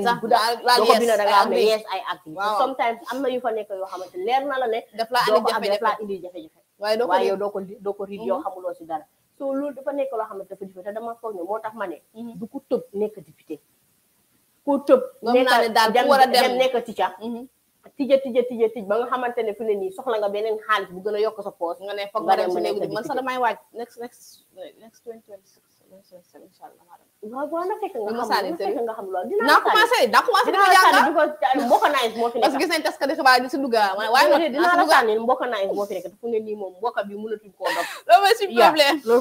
[SPEAKER 1] ne nga am ne yes ay ak yi sometimes am na yu fa nekk yoo xamante ne leer na la ne daf laa indi jafe-jafe waaye doo ko doo ko riid mm-hmm. si dara so loolu dafa nekk loo xam ne dafa jëfe te dama foog ne moo tax ma ne mhm. du ku tëb nekk député ku tëb dem nekk tica mhm. tija tija tija tij ba nga xamante ne fi ne nii ga nga beneen xaalis bu gën a yokk sa poos nga ne foog nga dem nekk man sax damay waaj next next next twenty twenty six waaw waaw naa yi moo fi parce que gis si Louga waaye dinaa la sànni mbokk naa yi moom mbokk bi mënatuñ koo dog loolu loolu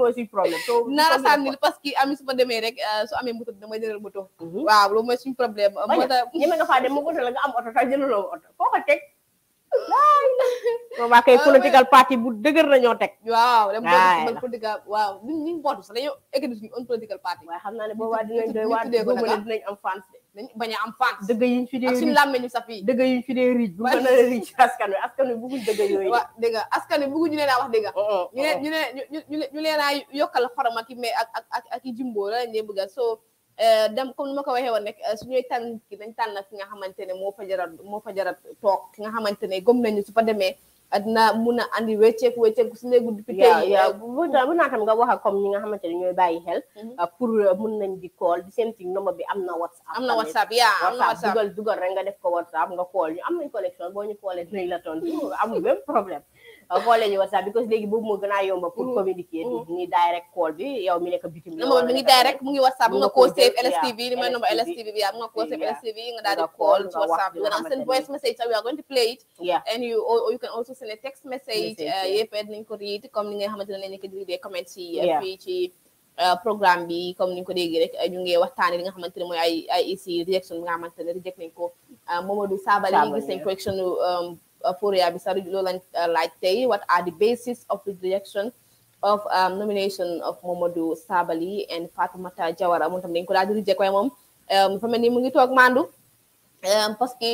[SPEAKER 1] mooy suñ problème dinaa la parce que ami su ma demee rek su amee moto damay jëlal moto waaw loolu mooy suñ problème moo tax ñeme nga faa dem ma moto la nga am oto tax jëlaloo oto foo ko teg boobaa kay political party bu dëgër nañoo teg. waaw dem boole waaw ñu ñu ngi bootu sax xam naa ne boobaa dinañ doy waa góobale am fans de. dañ bañ a am fans. dëgg yi ñu fi dee riij ak bu mën a riij askan wi askan wi bëgguñ dëgg yooyu. waaw dëgg askan wi bëgguñ ñu leen a wax dëgg. ñu leen ñu leen ñu leen a yokkal xoroma ki mais ak ak ak i jimbo la lañ leen bëgg a soo. Euh, dem comme ni ma ko waxee woon rek euh, su ñuy tànn ki dañ na ki nga xamante ne moo fa jarat moo fa jarat ki nga xamante ne gëm nañu su fa demee dina mun a andi wécceeku wécceeku su néegu député yi bu naa tam nga wax ak comme ñi nga xamante ne ñooy bàyyi xel mhm. euh, pour mun nañ di call di seen ting bi am na whatsapp am na whatsapp yaa am na whatsapp dugal dugal rek nga def ko whatsapp nga call ñu am nañ connexion boo ñu callee dinañ la tontu amul même problème Euh, boole ñu WhatsApp because léegi boobu moo gën a yomba pour mm-hmm. communiquer du mm-hmm. ni direct call bi yow mi nekk bitim moom mi ngi direct mu ngi WhatsApp mu nga koo save LSTV ni may number LSTV bi yaa mu nga koo save LSTV nga daal di call ci WhatsApp bi nga send voice message sax we are going to play it and you or you can also send a text message uh, yëpp nañ ko read comme ni nga xamante ne nekk di dee comment ci uh, fii ci uh, programme bi comme ni ñu ko déggee rek ñu ngi waxtaane li nga xamante ne mooy ay ay ici rejection bi nga xamante ne reject nañ ko Momadou Sabali gis nañ correction um, Fourier Abisar Lolan Laite, uh, what are the basis of the rejection of um, nomination of Momodou Sabali and Fatoumata Jawara moom tam dañ ko daal di reject waaye moom um, dafa mel ni mu ngi toog mandu um, parce que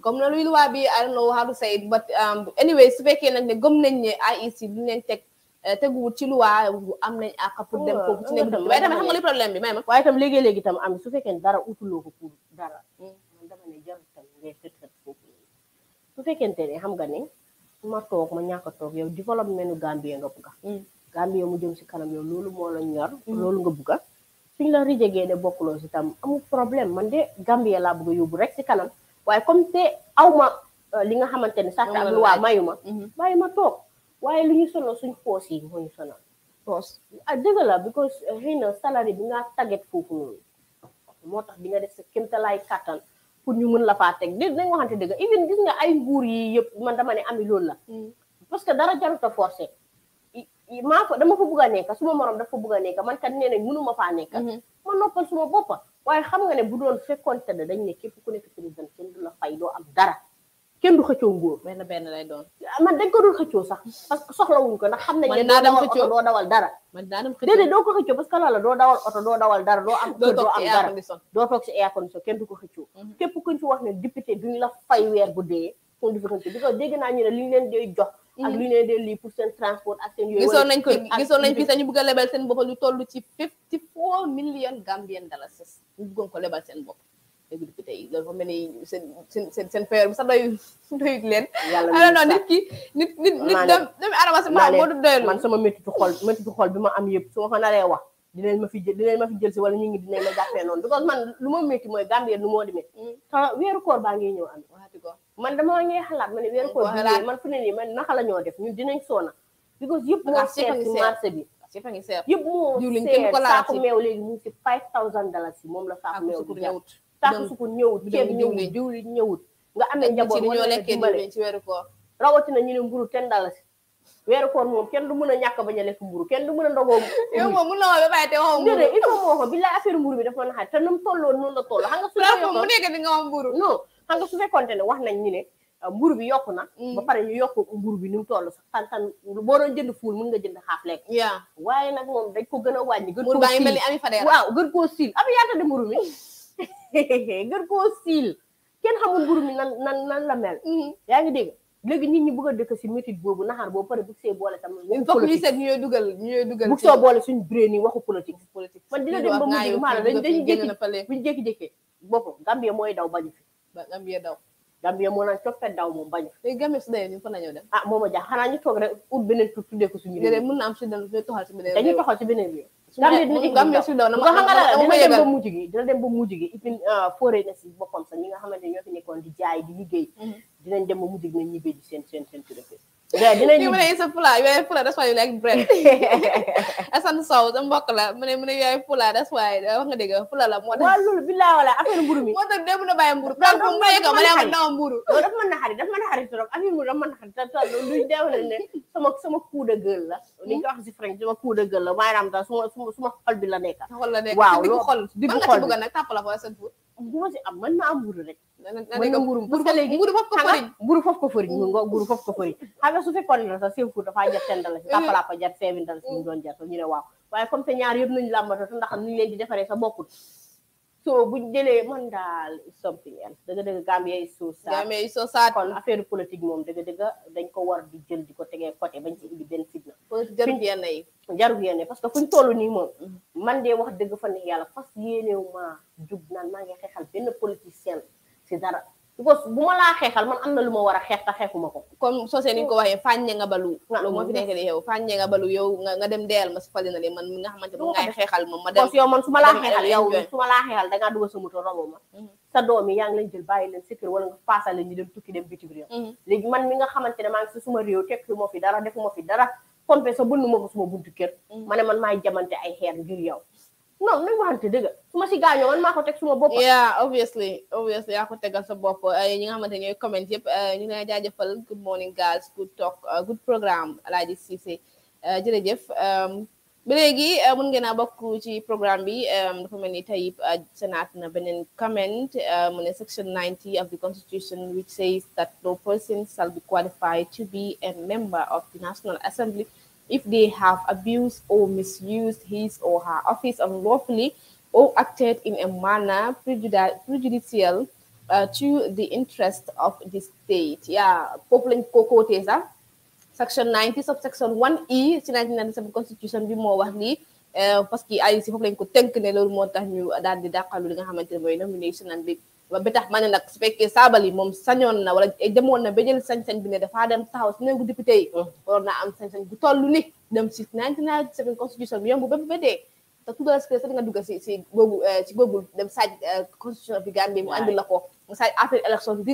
[SPEAKER 1] comme um, na luy luwaa bi I don't know how to say it but anyway su fekkee nag ne gëm nañ ne IEC du leen teg uh, teguwut ci luwaa am nañ àq pour dem foofu ci ne bu waaye tamit xam nga li problème bi may ma waaye tam léegi-léegi tam am su fekkee dara utuloo ko pour dara hmm. su fekkente ne xam nga ne ma toog ma ñàkk a toog yow développement nu Gambie nga bugga mm. Gambie mu jëm si kanam yow loolu moo la ñor mm. loolu nga bugga suñ la rijegee ne bokkuloo si tam amul problème man de Gambie laa bëgg a yóbbu rek si kanam waaye comme te aw ma euh, li nga xamante ne sax ak luwaa ma mm-hmm. bàyyi ma toog waaye lu ñu sonal suñ poos yi moo ñu sonal poos ah, dëgg la because xëy na salary bi nga tàgget foofu noonu moo tax di nga def sa kémtalaay kàttan pour ñu mën la faa teg dé nañ waxante dëgg even gis nga ay nguur yi yëpp man dama ne ami loolu la mm. parce que dara jarut a forcé maa fa dama fa bugg a nekk suma morom dafa bugg a nekk man kat nee nañ mënuma faa nekk mm-hmm. ma noppal suma boppa waaye xam nga ne bu doon fekkoonte ne dañ ne képp ku nekk président kenn du la fay doo dara kenn du xëccoo nguur. benn benn lay doon. Ah, man dañ ko dul xëccoo sax parce que soxlawuñ ko ndax xam nañ ne doo dawal oto doo dawal dara. man daa dem xëccoo doo ko xëccoo parce doo dawal doo dawal dara doo am. doo toog doo toog ci air condition kenn du ko xëccoo. Mhm. képp kuñ fi wax ne député duñ la fay weer bu dee. pour di ko xëccoo dégg naa ñu ne liñ leen day jox. ak mhm. li ñu leen lii pour seen transport ak seen. yooyu gisoon nañ ko gisoon nañ fi sañu bëgg a lebal seen bopp lu toll ci fifty déglu député yi loolu fa mel ni seen seen seen seen période bu sax doyul doyut leen. yàlla na non nit ki nit nit nit dem doomi aadama si maa moo du doyul man sama méttitu xol méttitu xol bi ma am yëpp su ma ko naree wax dinañ ma fi jël dinañ ma fi jël si wala ñu ngi dinañ ma jàppee noonu parce que man lu ma métti mooy Gambie nu moo demee mm. te weeru koor ngi ñëw am man dama ngay xalaat ma ne bi man fu ne man naka la ñoo def ñun dinañ soona because yëpp moo seer si marché bi yëpp moo seer saaku meew léegi mu si five thousand dollars si moom la saaku ah, meew di saako sukkur ñëwut ceeb ñëwut diwli ñëwut nga amee njaboot ñoo lekkee dimbale ci weeru koor rawatina ñu ne mburu ten dalasi weeru koor moom kenn du mën a ñàkk bañ a lekk mburu kenn du mën a ndogoo yow moom mun na woo ba bàyyi te waxoo mburu déedéet il faut moo ko bi laa affaire mburu bi dafa naxaat te nu mu tolloon noonu la toll xam nga su mu nekk di nga wax mburu non xam nga su fekkoonte ne wax nañ ñu ne euh, mburu bi yokku na mm. ba pare ñu yokk mburu bi ni mu toll sax tan tan boo doon jënd fuul mën nga jënd xaaf lekk waaye nag moom dañ ko gën a wàññi gën koo siil waaw gën koo siil am yaata de mburu mi gën koo siil kenn xamul nan nan nan la mel yaa ngi dégg léegi nit ñi a dëkk si métit boobu naxaar boobu pare bug see boole tam ñuy seet ñu ñooy dugal ñu ñooy dugal bug soo politique politique dina dem ba mujj maana dañ dañu jékki buñu jékki-jékkee boppam Gambie mooy daw bañu fi daw Gambie moo naan coppet daw moom bañu fi Gambie su dee ñu fa nañoo dem ah mooma jaax xanaa ñu toog rek ut beneen tur tuddee ko suñu Gambie dina Gambie su doon dama xam nga dina dem ba mujj gi dina dem ba mujj gi even euh, foore na si boppam sax ñi nga xamante ne ñoo fi nekkoon di jaay di liggéey mm-hmm. dinañ dem ba mujj gi nañ ñibbee di seen seen seen dinañ ñu ne sa pulaar you that's why you like bread Assane Sow sa mbokk la mu ne mu ne you are pulaar that's why wax nga dëgg pulaar la moo loolu bi laa wala affaire mburu mi moo tax de mën a bàyyi mburu dafa ma naxari dafa ma naxari dafa ma naxari trop affaire mburu dafa ma naxari trop lu deew na ne sama sama coup de gueule la ni nga wax si franc sama coup de la maanaam daal suma suma xol bi la nekk waaw loolu di xol di xol nag tàpp la fa sa tur bu ma si am man ma am mburu woni guuru fof ko fori guuru fof ko fori min go guuru fof ko fori haɓe so fekkonno to senfuuto fa jat ten dala tappala ko jat feewin dala min ɗon jat to ñu ne waaw waaye comme te ñaar yëpp nuñ làmbato to ndax nuñ leen di defaree sa bokkut so buñ jëlee man daal something else dëgg dëgg Gambia is so sad Gambia is so sad kon affaire politique moom dëgg dëgg dañ ko war di jël di ko tegee côté bañ ci indi benn fitna jarul yenn yi jarul yenn yi parce que fuñ toll nii moom man dee wax dëgg fa ne yàlla fas yéenew maa jug naan maa ngi xeexal benn politicien ci dara because bu ma laa xeexal man am na lu ma war a xeex te xeexuma ko kon soo see ni ko waxee fàññe nga balu ah, loolu fi nekk di yow fàññe nga balu yow nga dem deyal ma si fali na le man mi nga xamante mu ma dem yow man su ma laa xeexal yow su ma ma mhm. sa doom yi yaa ngi leen jël bàyyi leen si kër wala nga paasal leen ñu dem tukki dem bitim réew mhm. léegi man mi nga xamante ne maa si suma réew tekki ma fi dara defuma fi dara pompe sa bënn ma ko suma buntu kër mhm. ma ne man maay jamante ay xeer ngir yow non nañ waxante dëgg su ma si gaañoo man maa ko teg suma bopp. yeah obviously obviously yaa ko tegal sa bopp eh, ñi nga xamante ñooy comment yëpp eh, ñu ngi lay jaajëfal good morning girls good talk eh, good programme Alaaji Cissé jërëjëf ba léegi mun ngeen a bokk ci programme bi dafa mel ni Tayib Senat na beneen comment mu ne section 90 of the constitution which says that no person shall be qualified to be a member of the National Assembly. if they have abused or misused his or her office unlawfully or acted in a manner prejudicial uh, to the interest of the state. Yeah, Poplin Koko Tesa, section 90, subsection 1E, e ci 1997 constitution bi moo wax lii uh, parce que ay si foofu ko tënk ne loolu moo tax ñu daal di dàqalu li nga xamante ne mooy nomination bi ba tax ma ne nag su fekkee saabal yi moom sañoon na wala eh, demoon na ba sañ-sañ bi ne dafaa dem taxaw si néegu député yi oh. waroon naa am sañ-sañ bu toll ni dem si 1997 constitution bi yomb ba ba dee te tuddal si sax nga dugg si si googu eh, si googu dem saaj eh, constitution bi Gambie mu andi la ko mu saaj affaire élection bi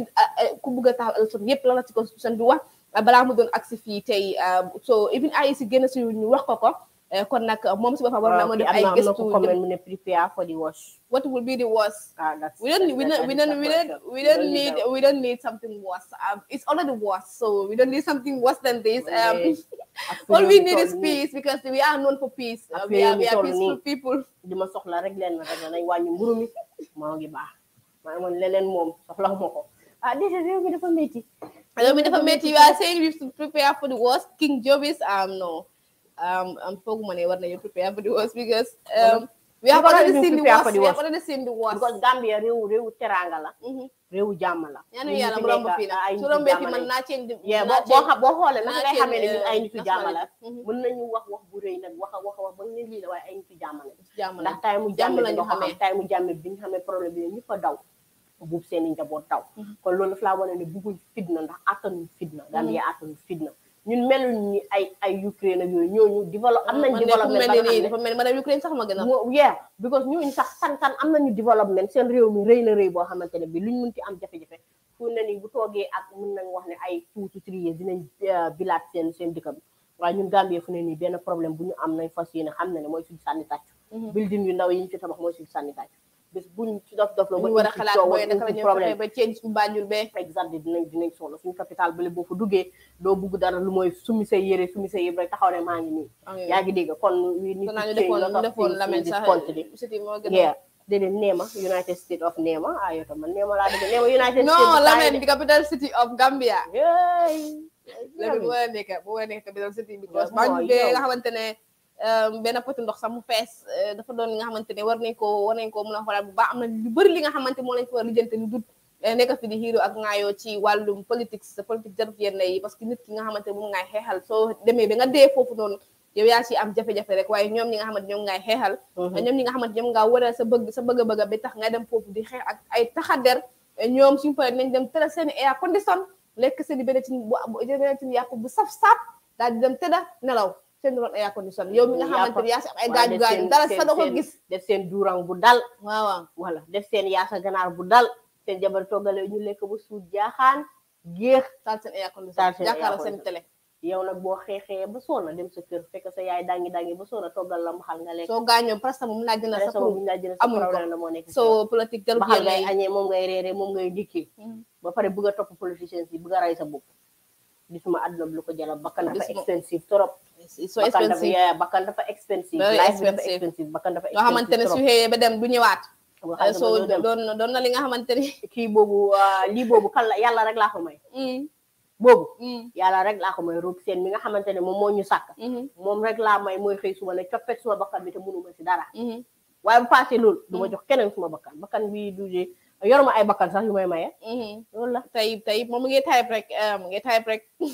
[SPEAKER 1] ku bugg a taxaw élection bi yëpp lan la si constitution bi wax ah, balaa mu doon agsi fii tey ah, soo even ay si génn si ñu wax ko ko Eh, kon nag eh, moom si boppam war na ah, mën def ay gëstu mu ne prepare for the worst what will be the worst ah, we don't we don't we don't we don't need we don't need something worse um, it's already worse so we don't need something worse than this um, all we need is peace because we are known for peace uh, we are we are peaceful people dima soxla rek leen ma rek nañ wàññi mburu mi maa ngi baax maa ngi leneen moom soxla ma ko ah déjà réew mi dafa métti réew mi dafa métti you are saying we should prepare for the worst King Job is um no um, and Pogumane were you prepare for the worst because um, we have already seen the worst. We have already seen the worst. Because Gambia réew réew teranga la. Mm-hmm. réew jàmm la. ñaanu yàlla mu romb fii la su rombee fii mën naa cee. boo boo boo xoolee naka ngay xamee ne ñun ay nitu jàmm la. mën mm-hmm. nañu wax wax bu rëy nag wax wax wax ba ne lii la waaye ay nitu jàmm la. ndax tay mu jàmm la ñu xamee tay mu jàmm bi ñu xamee problème bi ñu fa daw. buub seen i njaboot daw. Mm-hmm. kon loolu daf laa wane ne bëgguñ fitna ndax attanuñ fitna. Gambia attanuñ fitna. ñun meluñ ni ay ay Ukraine ak yooyu ñooñu développé am nañ ah, développement dafa mel man Ukraine sax ma gën a yeah because ñooñu sax tan-tan am nañu développement seen réew mi rëy na rëy boo xamante ne bi luñ mën ci am jafe-jafe fu ne ni bu toogee ak na ñu wax ne ay two to three years dinañ euh, bilaat seen seen dëkk bi waaye ñun Gambie fu ne ni benn problème bu ñu am nañ fas yéene xam na ne mooy suñu sànni tàcc mhm. building yu ndaw yi ñu ci tabax mooy suñu sànni tàcc bés bu ñu ci dof dof la war a xalaat mooy naka la ñuy fexe ba change bu bàññul be exemple dinañ dinañ soxla suñu capital bële boo fa duggee doo bugg dara lu mooy sumi yére sumi say yëb taxaw ne maa ngi nii ah, yaa ngi dégg kon ñu defoon lamen sax euh, déedéet Neema United State of Neema ah yow laa dégg Neema United State non lamen bi capital city of Gambia lamen bu war a nekk bu war a nekk capital city bi nga xamante ne Ehm, benn poti ndox sam mu fees eh, dafa doon li nga xamante ne war nañ koo war nañ koo a xoolaat bu baax am na lu bëri li nga xamante moo lañ ko war lijjante lu dut eh, nekk fi di xiiro ak ngaayoo ci wàllum politique sa politique jarut yenn yi parce que nit ki nga xamante ne moom ngay xeexal soo demee ba nga dee foofu noonu yow yaa ci am jafe-jafe rek waaye ñoom ñi nga xamante ñoom ngay xeexal mhm. eh, ñoom ñi nga xamante ñoom nga waral sa bëgg sa bëgg-bëgg bi tax nga dem foofu di xeex ak ay taxader ñoom suñu paree nañ dem tëral seen air condition lekk seen i benn ci bu benn ci yàpp bu saf-saf nelaw seen ron ay condition yow mi nga xamante ni yaa ay gaaju gaaju dara sa da ko gis def seen duurang bu dal waaw wala def bu dal jabar toggale ñu lekk ba suut jaaxaan géex taal seen ay condition jàkkaarloo seen télé yow ba soona dem sa kër fekk sa yaay dangi dangi ba soona toggal la mbaxal nga lekk soo gaañoo presque moom naa jënd sa moom naa jënd sa problème la moo nekk soo politique jarul mbaxal ngay ngay ngay ba bëgg bëgg ray sa gisuma àdduna bi lu ko jaral bakkan dafa expensive trop bakkan dafa dafa expensive life bi dafa expensive bakkan dafa loo xamante ne su xëyee ba dem du ñëwaat so doon doon na li nga xamante ne kii boobu uh, lii boobu kan la yàlla rek laa ko may mm. boobu mm. yàlla rek laa ko may rob seen mi nga xamante ne moom moo ñu sàkk mm-hmm. moom rek laa may mooy xëy suma ne coppet suma bakkan bi te mënuma si dara mm-hmm. waaye bu passé loolu du mm-hmm. jox keneen suma bakkan bakkan bi duje yoruma ay bakkan sax yu may maye. Mm-hmm. loolu la tayib tayib moom mu ngi rek ah, mu ngi tayib rek.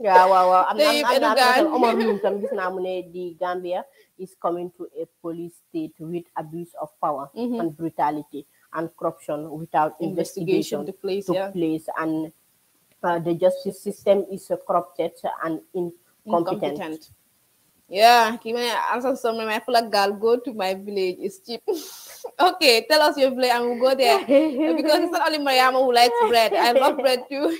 [SPEAKER 1] waaw waaw waaw am na am na Omar Loum tam gis naa mu ne di Gambia is coming to a police state with abuse of power mm-hmm. and brutality and corruption without investigation to place, and uh, the justice system is corrupted and incompetent. Yeah, I feel like I'll go to my village. It's cheap. okay, tell us your plan. and we'll go there. because it's not only Mariama who likes bread. I love bread too.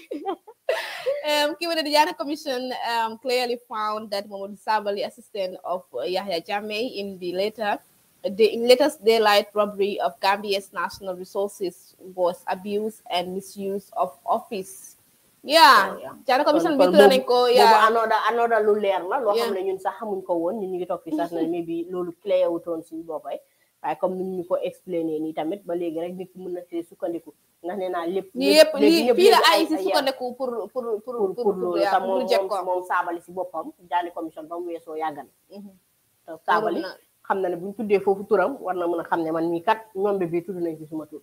[SPEAKER 1] um, given the Yana Commission um, clearly found that Mahmoud Sabali, assistant of Yahya Jammeh, in the later the latest daylight robbery of Gambia's national resources was abuse and misuse of office. Yeah. Jana commission bi tudda nañ ko yeah. Another another lu leer la loo xam ne ñun sax xamuñ ko na maybe loolu clear wutoon suñu boppay. waaye comme ni ñu ko expliqué nii tamit ba léegi rek nit ki mën na see sukkandiku ndax nee naa lépp. lépp lépp fii la ay si sukkandiku pour pour pour pour loolu tam moom moom saabali si boppam commission ba mu weesoo yàgg na. Mm-hmm. te xam na ne bu ñu tuddee foofu turam war na mën a xam ne man mii kat ñombe bii tudd nañ ci suma tur.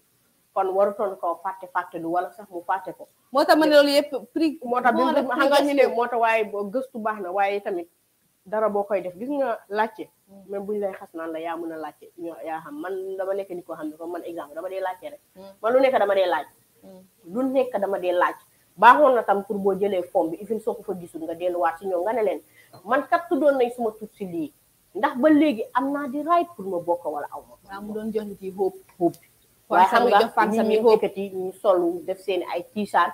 [SPEAKER 1] kon warutoon koo fàtte fàtte lu wala sax mu fàtte ko. moo tax ma ne loolu yëpp moo ta bi xam nga ñu ne moo tax waaye gëstu baax na waaye tamit dara boo koy def gis nga laajte. Mm. même bu ñu lay xas naan la yaa mën a laajte yaa xam man dama nekk nit koo xam ne comme man exemple dama dee laajte rek mm. man lu nekk dama dee laaj mm. lu nekk dama dee laaj baaxoon na tam pour boo jëlee forme bi even soo ko fa gisul nga delluwaat si ñoom nga ne leen man kat tuddoon nañ suma tuut si lii ndax ba léegi am naa di right pour ma bokk wala aw ma waaw mu doon jox nit yi hope hope waaye xam nga ñi ñu yëkkati ñu solu def seeni ay t-shirt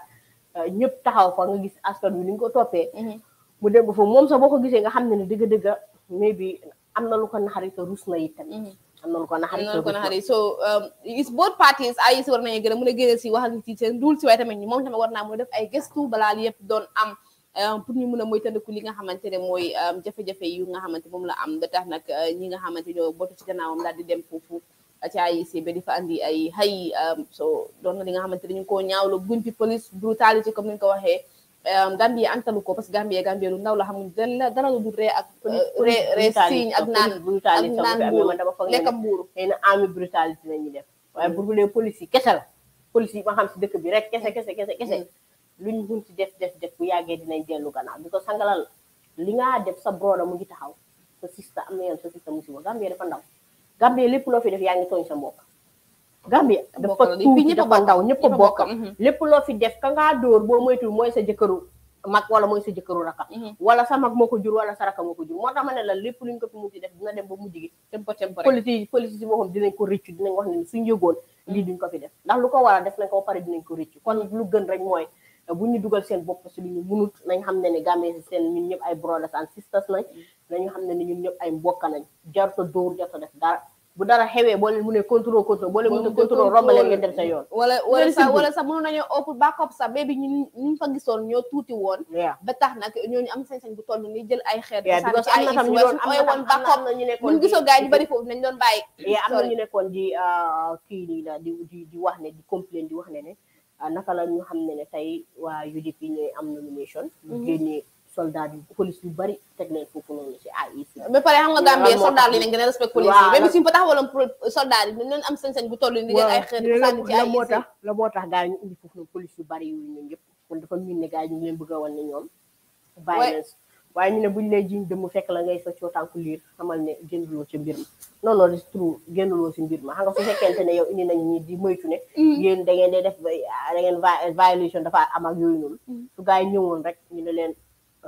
[SPEAKER 1] euh, ñëpp taxaw fa nga gis askan wi ni ko toppee mm-hmm. mu dem ba fa sax boo ko gisee nga xam ne ne dëgg-dëgg bi am na lu ko naxari te rus na itam mhm. na lu na so is um, both parties ay si war nañu a mën a si wax ak ci seen duul si waaye tamit ñi moom tamit war naa mën a def ay gëstu balaa yëpp doon am um, pour ñu mën a moytandiku li nga xamante ne mooy um, jafe-jafe yu nga xamante moom la am da tax nag uh, ñi nga xamante ñoo bootu ci gannaawam daal di dem foofu uh, ci ay si ba di fa ay xay so doon na li nga xamante ne ñu ngi koo ñaawlu guñ ci police brutality comme ni ñu ko waxee Ehm, Gambia antalu ko parce Gambia Gambia lu ndaw la xamul dara dara lu dul ree ak ree ree signe ak naan ak naan buur lekk mbuuru xëy na ami brutalité la ñuy def waaye mm. bu dee police yi kese la police ma xam si dëkk bi rek kese kese kese kese mm. luñ mun si def def def bu yàggee dinañ dellu gannaaw bi ko sangalal li def sa broda mu ngi taxaw sa sista am na sa sista musiba Gambia dafa ndaw Gambia lépp loo fi def yaa ngi sa mbokk de Gambia dafa tuuti dafa ndaw ñëpp a bokk mhm. lépp loo fi def ka ngaa dóor boo moytul mooy sa jëkkëru mag wala mooy sa jëkkëru rakam mhm. wala sa mag moo ko jur wala sa rakam moo ko jur moo tax ma ne la lépp luñ ko fi mujj def dina dem ba mujj gi politique politique si boppam dinañ ko rëccu dinañ wax ne suñ yëgoon lii mhm. duñ ko fi def ndax lu ko war a def nañ ko ba pare dinañ ko rëccu kon lu gën rek mooy bu ñu dugal seen bopp si lu ñu munut nañ xam ne ne Gambia seen ñëpp ay brothers and sisters nañ nañu ne ne ñëpp ay mbokka nañ jar sa dóor jar sa def dara bu dara xewee boo leen mënee contrôle contrôle boo leen wala wala sax wala sax mënoon nañoo ëpp backup sax ba bi ñu ñu fa gisoon ñoo tuuti woon. ba tax nag ñooñu am sañ-sañ bu toll nii jël ay xeer. waaw parce que am na tam ñu doon am na tam am na ñu nekkoon gisoo gars yi ñu bëri foofu nañ doon bàyyi. am na ñu di uh, kii nii la di di wax di complain di wax ne ne uh, naka la ñu xam ne ne tey waa UDP ñooy am nomination. Mhm. génnee soldat yi police yu bari teg leen foofu noonu ci AIC. ba pare xam nga Gambie soldat yi lañ gën a respect police yi. même suñu fa taxawaloon soldat yi yi ñu ne gars yi ñu ngi leen bëgg a wan ne ñoom. violence fekk la ngay sa cootaanku liir xamal ne génnuloo ci mbir ma non non c'est true génnuloo ci mbir ma xam nga su fekkente ne di moytu ne mm. yéen da ngeen dee def da ngeen violation dafa am ak yooyu noonu mm. su gars yi ñëwoon rek ñu ne leen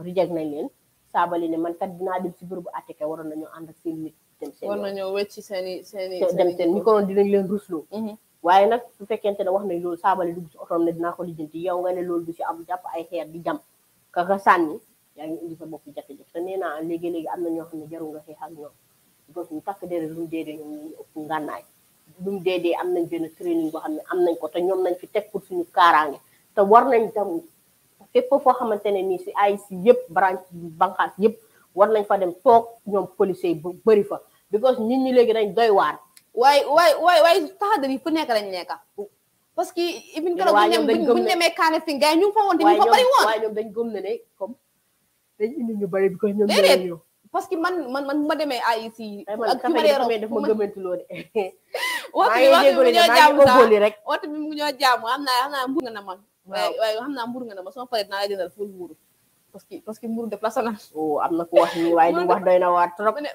[SPEAKER 1] rijek nañ leen sabali ne man kat dina dem ci bërëbu àtte kay waroon nañoo ànd ak seen nit dem seen war nañoo wecci seen i seen dem seen ñi ko doon dinañ leen rusloo mhm. waaye nag su fekkente ne wax nañ lool sabali dugg ci autom ne dina ko lijeenti yow nga ne lool du ci am japp ay xeer di jam ka ka sanni ya ngi indi sa bokk jafe-jafe te nee naa léegi-léegi am na ñoo xam jaru nga xeex ak ñoom parce que tak dere lu mu dee dee ñu upp ngannaay lu mu dee dee am nañ benn training bo xam ne am nañ ko te ñoom nañ fi tek pour suñu kaaraange te war nañ tam fépp fo xamante ne nii si ay si yëpp branche banqaas yëpp war nañ fa dem tok ñom police yi bari fa because nit ñi léegi dañ doy waar way way way way taxadar bi fu nek lañ nek parce que ibn kala buñ demee kané fi gaay ñu ngi fa woon dañu fa bari won way ñom dañ gëm ne ne comme dañ indi ñu bëri because dañ ñu parce que man man man bu ma demee AIC ak ci bari dee def ma gëmënti lo dé waxtu bi waxtu bi ñoo jaamu rek waxtu bi mu ñoo jaamu amna amna bu nga na man waaye waaye xam naa mburu nga ne ma sama pare naa la jëndal ful mburu parce que parce que mburu déplacé na oh am na ko wax nii waaye li wax doy na waar trop mu ne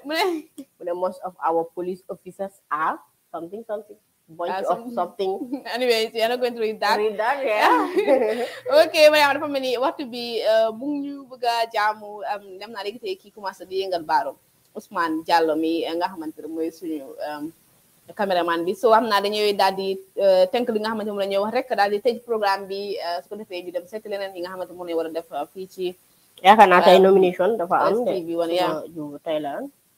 [SPEAKER 1] mu ne most of our police officers are something something bunch ah, of something anyway you're not going to read that read that yeah okay Mariama dafa uh, mel ni waxtu bi mu ngi ñu bëgg a jaamu dem um, naa léegi tey kii commencé di yëngal baaroom Ousmane Diallo mi nga xamante ne mooy suñu um, cameraman bi so amna dañuy dal di eh, tënk li nga xamanteni mo la wax rek dal di tej programme bi eh, su ko defé ñu dem seet leneen yi nga xamanteni mo lay wara def eh, fi ci yaaka na tay nomination dafa am de bi wan yaa la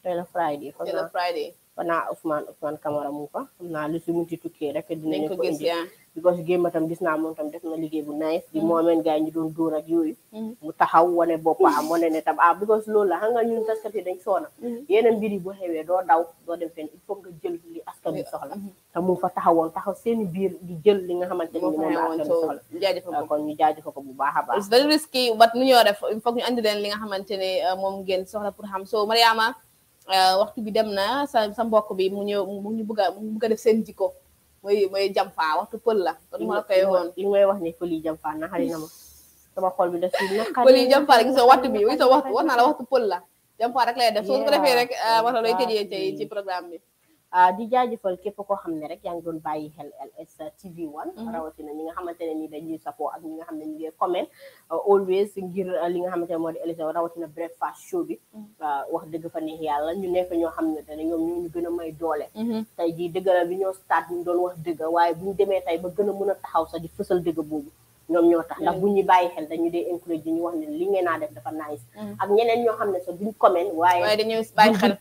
[SPEAKER 1] tey la friday tey la friday xanaa Ousmane Ousmane a mu fa xam naa lu si munti tukkee rek dinañ ko indi because gémma tam gis naa moom tam def na liggéey bu nice di mm-hmm. moomeen gars yi mm-hmm. mu taxaw wane boppam wane ne tam ah because loolu la xam nga ñun taskat mm-hmm. yi yi boo xewee doo daw doo dem fenn il faut nga jël li askan bi soxla te mu fa taxawoon taxaw seeni biir gi jël li nga xamante ni moom la askan bi soxla ah, ko bu baax a baax it's very risky but leen li nga xamante ne euh, moom gen soxla pour xam so Mariama Euh, waxtu bi dem na sa sa mbokk bi mu ñëw mu ñu bëgg mu bëgg def seen jikko mooy mooy jamfaa waxtu pël la kon ma koy woon li ngay wax ne pël yi jamfaa naxari na ma sama xool bi daf si naqari pël yi jamfaa rek gisoo waxtu bi gisoo waxtu wax la waxtu pël la jamfaa rek lay def soo ko defee rek ah, wala looy tëjee tey ci programme bi Ah, di jaajëfal képp koo xam ne rek yaa ngi doon bàyyi xel LS TV one mhm. rawatina ñi nga xamante ne ni dañuy sapoo ak ñi nga xam ne ñu ngi ah, ah, li nga xamante ne moo di LS rawatina breakfast show bi mhm. wax dëgg fa neex yàlla ñu nekk ñoo xam ne dana ñoom ñoo ñu gën a may doole mhm. tey bi ñoo start ñu doon wax waaye bu ñu demee tey ba gën a mën a taxaw sax di fësal boobu ñoom ñoo tax ndax bu ñuy bàyyi xel dañu dee encourage ñu wax ne li ngeen naa def dafa nice ak ñeneen ñoo xam ne sax duñ comment waaye dañuy bàyyi xel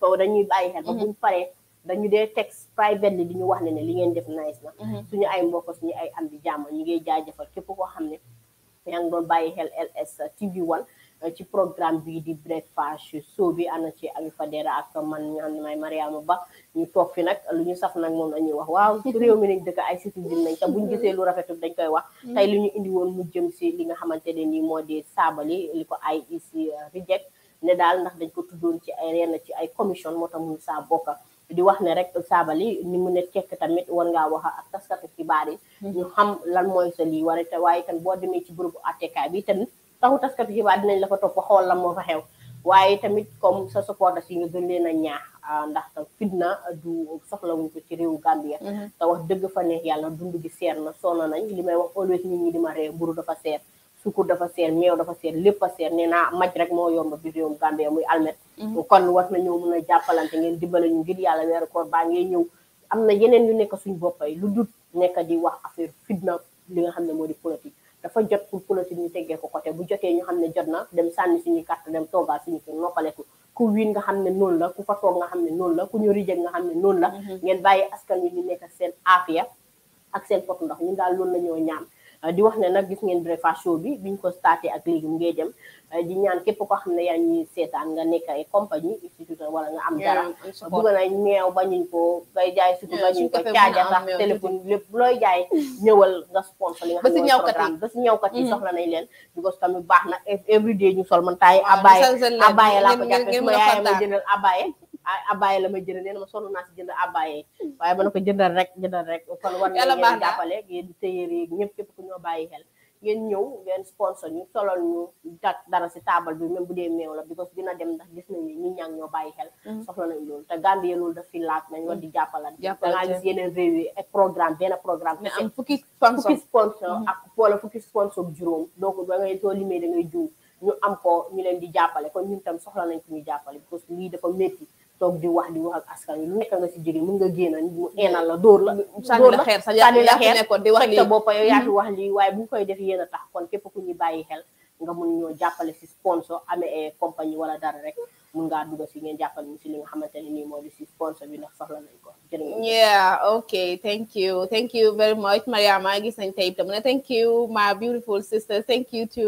[SPEAKER 1] ba buñ paree dañu dee texte privately di ñu wax ne ne li ngeen def nice na mhm. suñu ay mbokk ñu ay am di jàmm ñu ngi jaajëfal képp koo xam ne ñaa ngi doon bàyyi xel LS TV1 eh, ci programme bii di breakfast show bi ana ci Alifa Dera ak man ñu am may Mariama Ba ñu toog fi nag lu ñu saf nag moom la ñuy wax waaw ci réew mi nañ dëkk ay citoyen nañ te buñ gisee lu rafetul dañ koy wax mhm. tey lu ñu indi woon mu jëm si li nga xamante ne nii moo dee saabali li ko ay IEC reject ne daal ndax dañ ko tuddoon ci ay yenn ci ay commission moo tax mun saa di wax ne rek saaba li ni mu ne tekk tamit war ngaa wax ak taskatu xibaar yi hmm. ñu xam lan mooy sa lii wara waaye itam boo demee ci groupe atekaay bi tamit taxu taskatu xibaar dinañ la fa topp xool lan moo fa xew waaye tamit comme sa supporters yi nga gën leen a ñaax ah, ndax tam fitna du soxlawuñ ko ci réewu Gambia hmm. te wax dëgg fa neex yàlla dund gi seer na sonn nañ li may wax always nit ñi di ma ree mburu dafa seer sukur dafa seer meew dafa seer lépp a seer nee naa maj rek moo yomb bi réewum Gambie muy almet mhm. kon war na nañoo mun a jàppalante ngeen dimbale ñu ngir yàlla weeru koor baa ngee ñëw am na yeneen yu nekk suñ boppay lu dut nekk di wax affaire fitna li nga xam ne moo di politique dafa jot pour politique ñu teggee ko côté bu jotee ñu xam ne jot na dem sànni suñu carte dem toogaal suñu kër ko ku wiin nga xam ne noonu la ku fa toog nga xam ne noonu la ku ñu rijeg nga xam ne noon la mhm. ngeen bàyyi askan wi ñu nekk seen aafiya ak seen pot ndox daal loolu la ñoo ñaan di wax ne nag gis ngeen Brefast Show bi biñ ko starté ak léegi mu ngay dem eh, di ñaan képp koo xam ne yaa ñuy seetaan nga nekk ay compagnie institut wala nga am dara bëgg na meew bañuñ ko ngay jaay sutu bañuñ ko caaja sax téléphone lépp looy jaay ñëwal nga sponsor li nga xam ne programme ba si ñëwkat yi mm-hmm. soxla nañ leen because tamit baax na every day ñu sol man taay abaye abaye laa ko jàppe su ma yaay ma jëndal abaye abbaye la may jënd nee ma sonn naa si jënd abbaye hmm. waaye ma ne ko jëndal rek jëndal rek kon war na ngeen jàppale yéen téyeer yi ñëpp képp ku ñoo bàyyi xel ngeen ñëw ngeen sponsor ñu solo ñu dak dara si taabal bi même bu dee meew la because dina dem ndax gis nañu ñi ñaa ngi ñoo bàyyi xel hmm. soxla nañ loolu te Gambie loolu daf fi laaj nañ war di hmm. jàppalante dangaa gis yeneen réew benn programme mais am fukki sponsor ak wala fukki sponsor juróom donc ba ngay soo da ngay juum ñu am ko ñu leen di jàppale kon ñun tam soxla nañ ko ñu jàppale because lii dafa metti toog di wax di wax ak askan wi lu nekk nga si jóge mun nga génn mu eenal la dóor la dóor la boppa yow yaa fi mm-hmm. wax lii koy def yéen a tax kon képp ku ñuy bàyyi xel nga mun ñoo jàppale si sponsor amee compagnie wala dara rek mun ngaa dugg si ngeen jàppale ñu si li nga xamante ne nii moo di si sponsor bi ndax soxla nañ ko yeah okay thank you thank you very much Mariama gis nañ tey itam ne thank you my beautiful sisters thank you to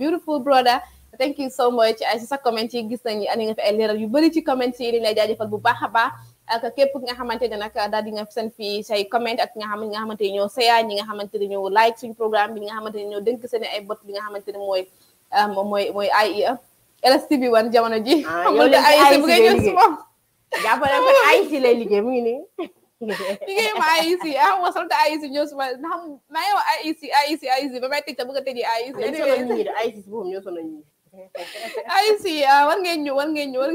[SPEAKER 1] beautiful brother thank you so much ay sa comment yi gis nañu ani nga fi ay leral yu bari ci comment yi ni lay bu baakha ba ak képp nga xamanteni nak dal di nga sen fi say comment ak nga xam nga xamanteni ne ñoo ñi nga xamanteni ñoo like suñu programme bi nga xamanteni ne ñoo dénk seen ay bot bi nga xamanteni moy moy moy mooy IEF LSTV wan jamono ji xamul ay ci bu ngay ñu suma jàppale ko ci lay liggéey mu ngi ni Sige ma IEC ah wasal ta IEC ñoo suma xam ma yow IEC IEC IEC ba may tëj ta bëgg a tëjee IEC IEC IEC boobu ñoo sonal ñi ay si ah, buen ñëw buen ngeen ñëw war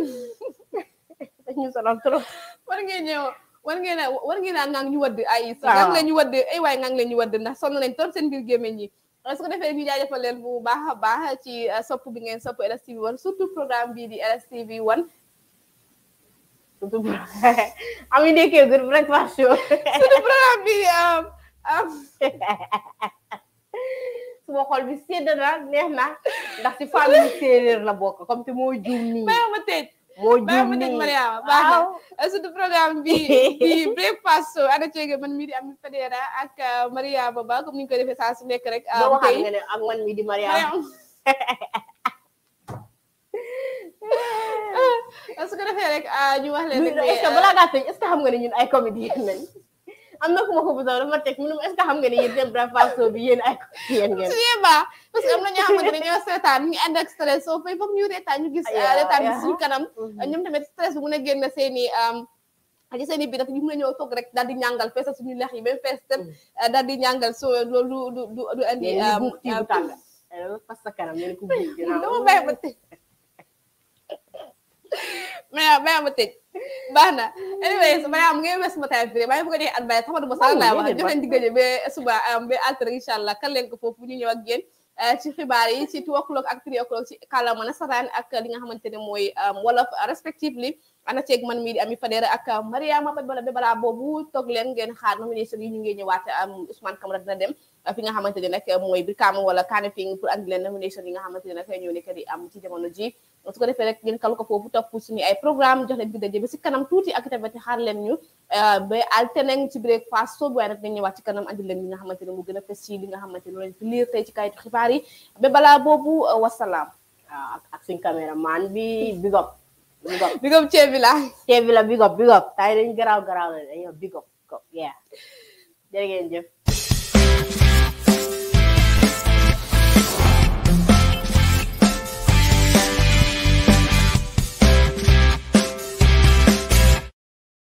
[SPEAKER 1] dañu sonal trop war ngeen ñëw war ngeen a war ngeen a ngang ñu wadd ay si ah. ngang leen ñu wadd ay waay ngang leen ñu wadd ndax sonn nañ trop seen biir gémmiñ yi su ko defee ñu jaajëfal leen bu baax baax ci ah, sopp bi ngeen sopp LSTV One surtout programme bi di LSTV One surtout am ñu nekkee good breakfast show surtout programme bi ah, Eh, suma xol bi sedd na neex na ndax ci famille séeréer la bokk comme te moo juum nii mais tëj moo juum nii Mariama baax na programme bi breakfast so ana ceege man mii di Ami Fadera ak Mariama Ba comme ni ko defee saa su nekk rek doo waxaat nga ne ak man mii di Mariama su ko defee rek ñu wax leen rek est-ce que balaa tëj est-ce que xam nga ne ñun ay comédien lañ am na ku ko bu sax dama teg mu ne est-ce xam nga ne yéen seen bravasso bi yeen ay yeen ngeen ci yee parce que am na ñoo xamante ne ñoo seetaan ñu and ak stress so fay foog ñu reetaan ñu gis reetaan bi suñu kanam ñum tamit stress bu mun a génn am ci seen bi dafa ñu mëna a ñëw toog rek dal di ñangal fees suñu lex yi même fees tam daal di ñangal so lolu du du andi am ci du kanam ñu ko ba tey ما ما متج باهنا anyways ما يام غير بس متعفري ما يبغى لي أربعة ثمان بس لا ما جبنا عندك جنب سبعة أم بأثر إن شاء الله كلن كفوفو نيجي وجين ci xibaar yi ci two o'clock ak three o'clock ci kàllaama nasaraan ak li nga xamante ne wolof respectively ana ceeg man mii di Ami Fadera ak Mariama Bat Bala Bala boobu toog leen ngeen xaar ma ministre yi ñu ngi ñëwaat Ousmane Camara dina dem fi nga xamante ne nag mooy Brikama wala Kanifing pour andi leen nomination yi nga xamante ne nag ñoo nekk am ci jamono ji su ko defee rek ngeen kalu ko foofu topp suñu ay programme jox leen bi daje ba kanam tuuti eh, eh, ah, ak tamit xaar leen ñu ba alterneng ci breakfast soobu waaye nag dañ ñëwaat ci kanam andi leen li nga xamante ne mu gën a fes yi li nga xamante ne leen fi liir tey ci kayitu xibaar yi ba balaa boobu wasalaam ak suñ caméraman bi big up big up big up ceebi la bi la big up big up tay dañ garaaw garaaw la dañoo big up yeah jërë jëf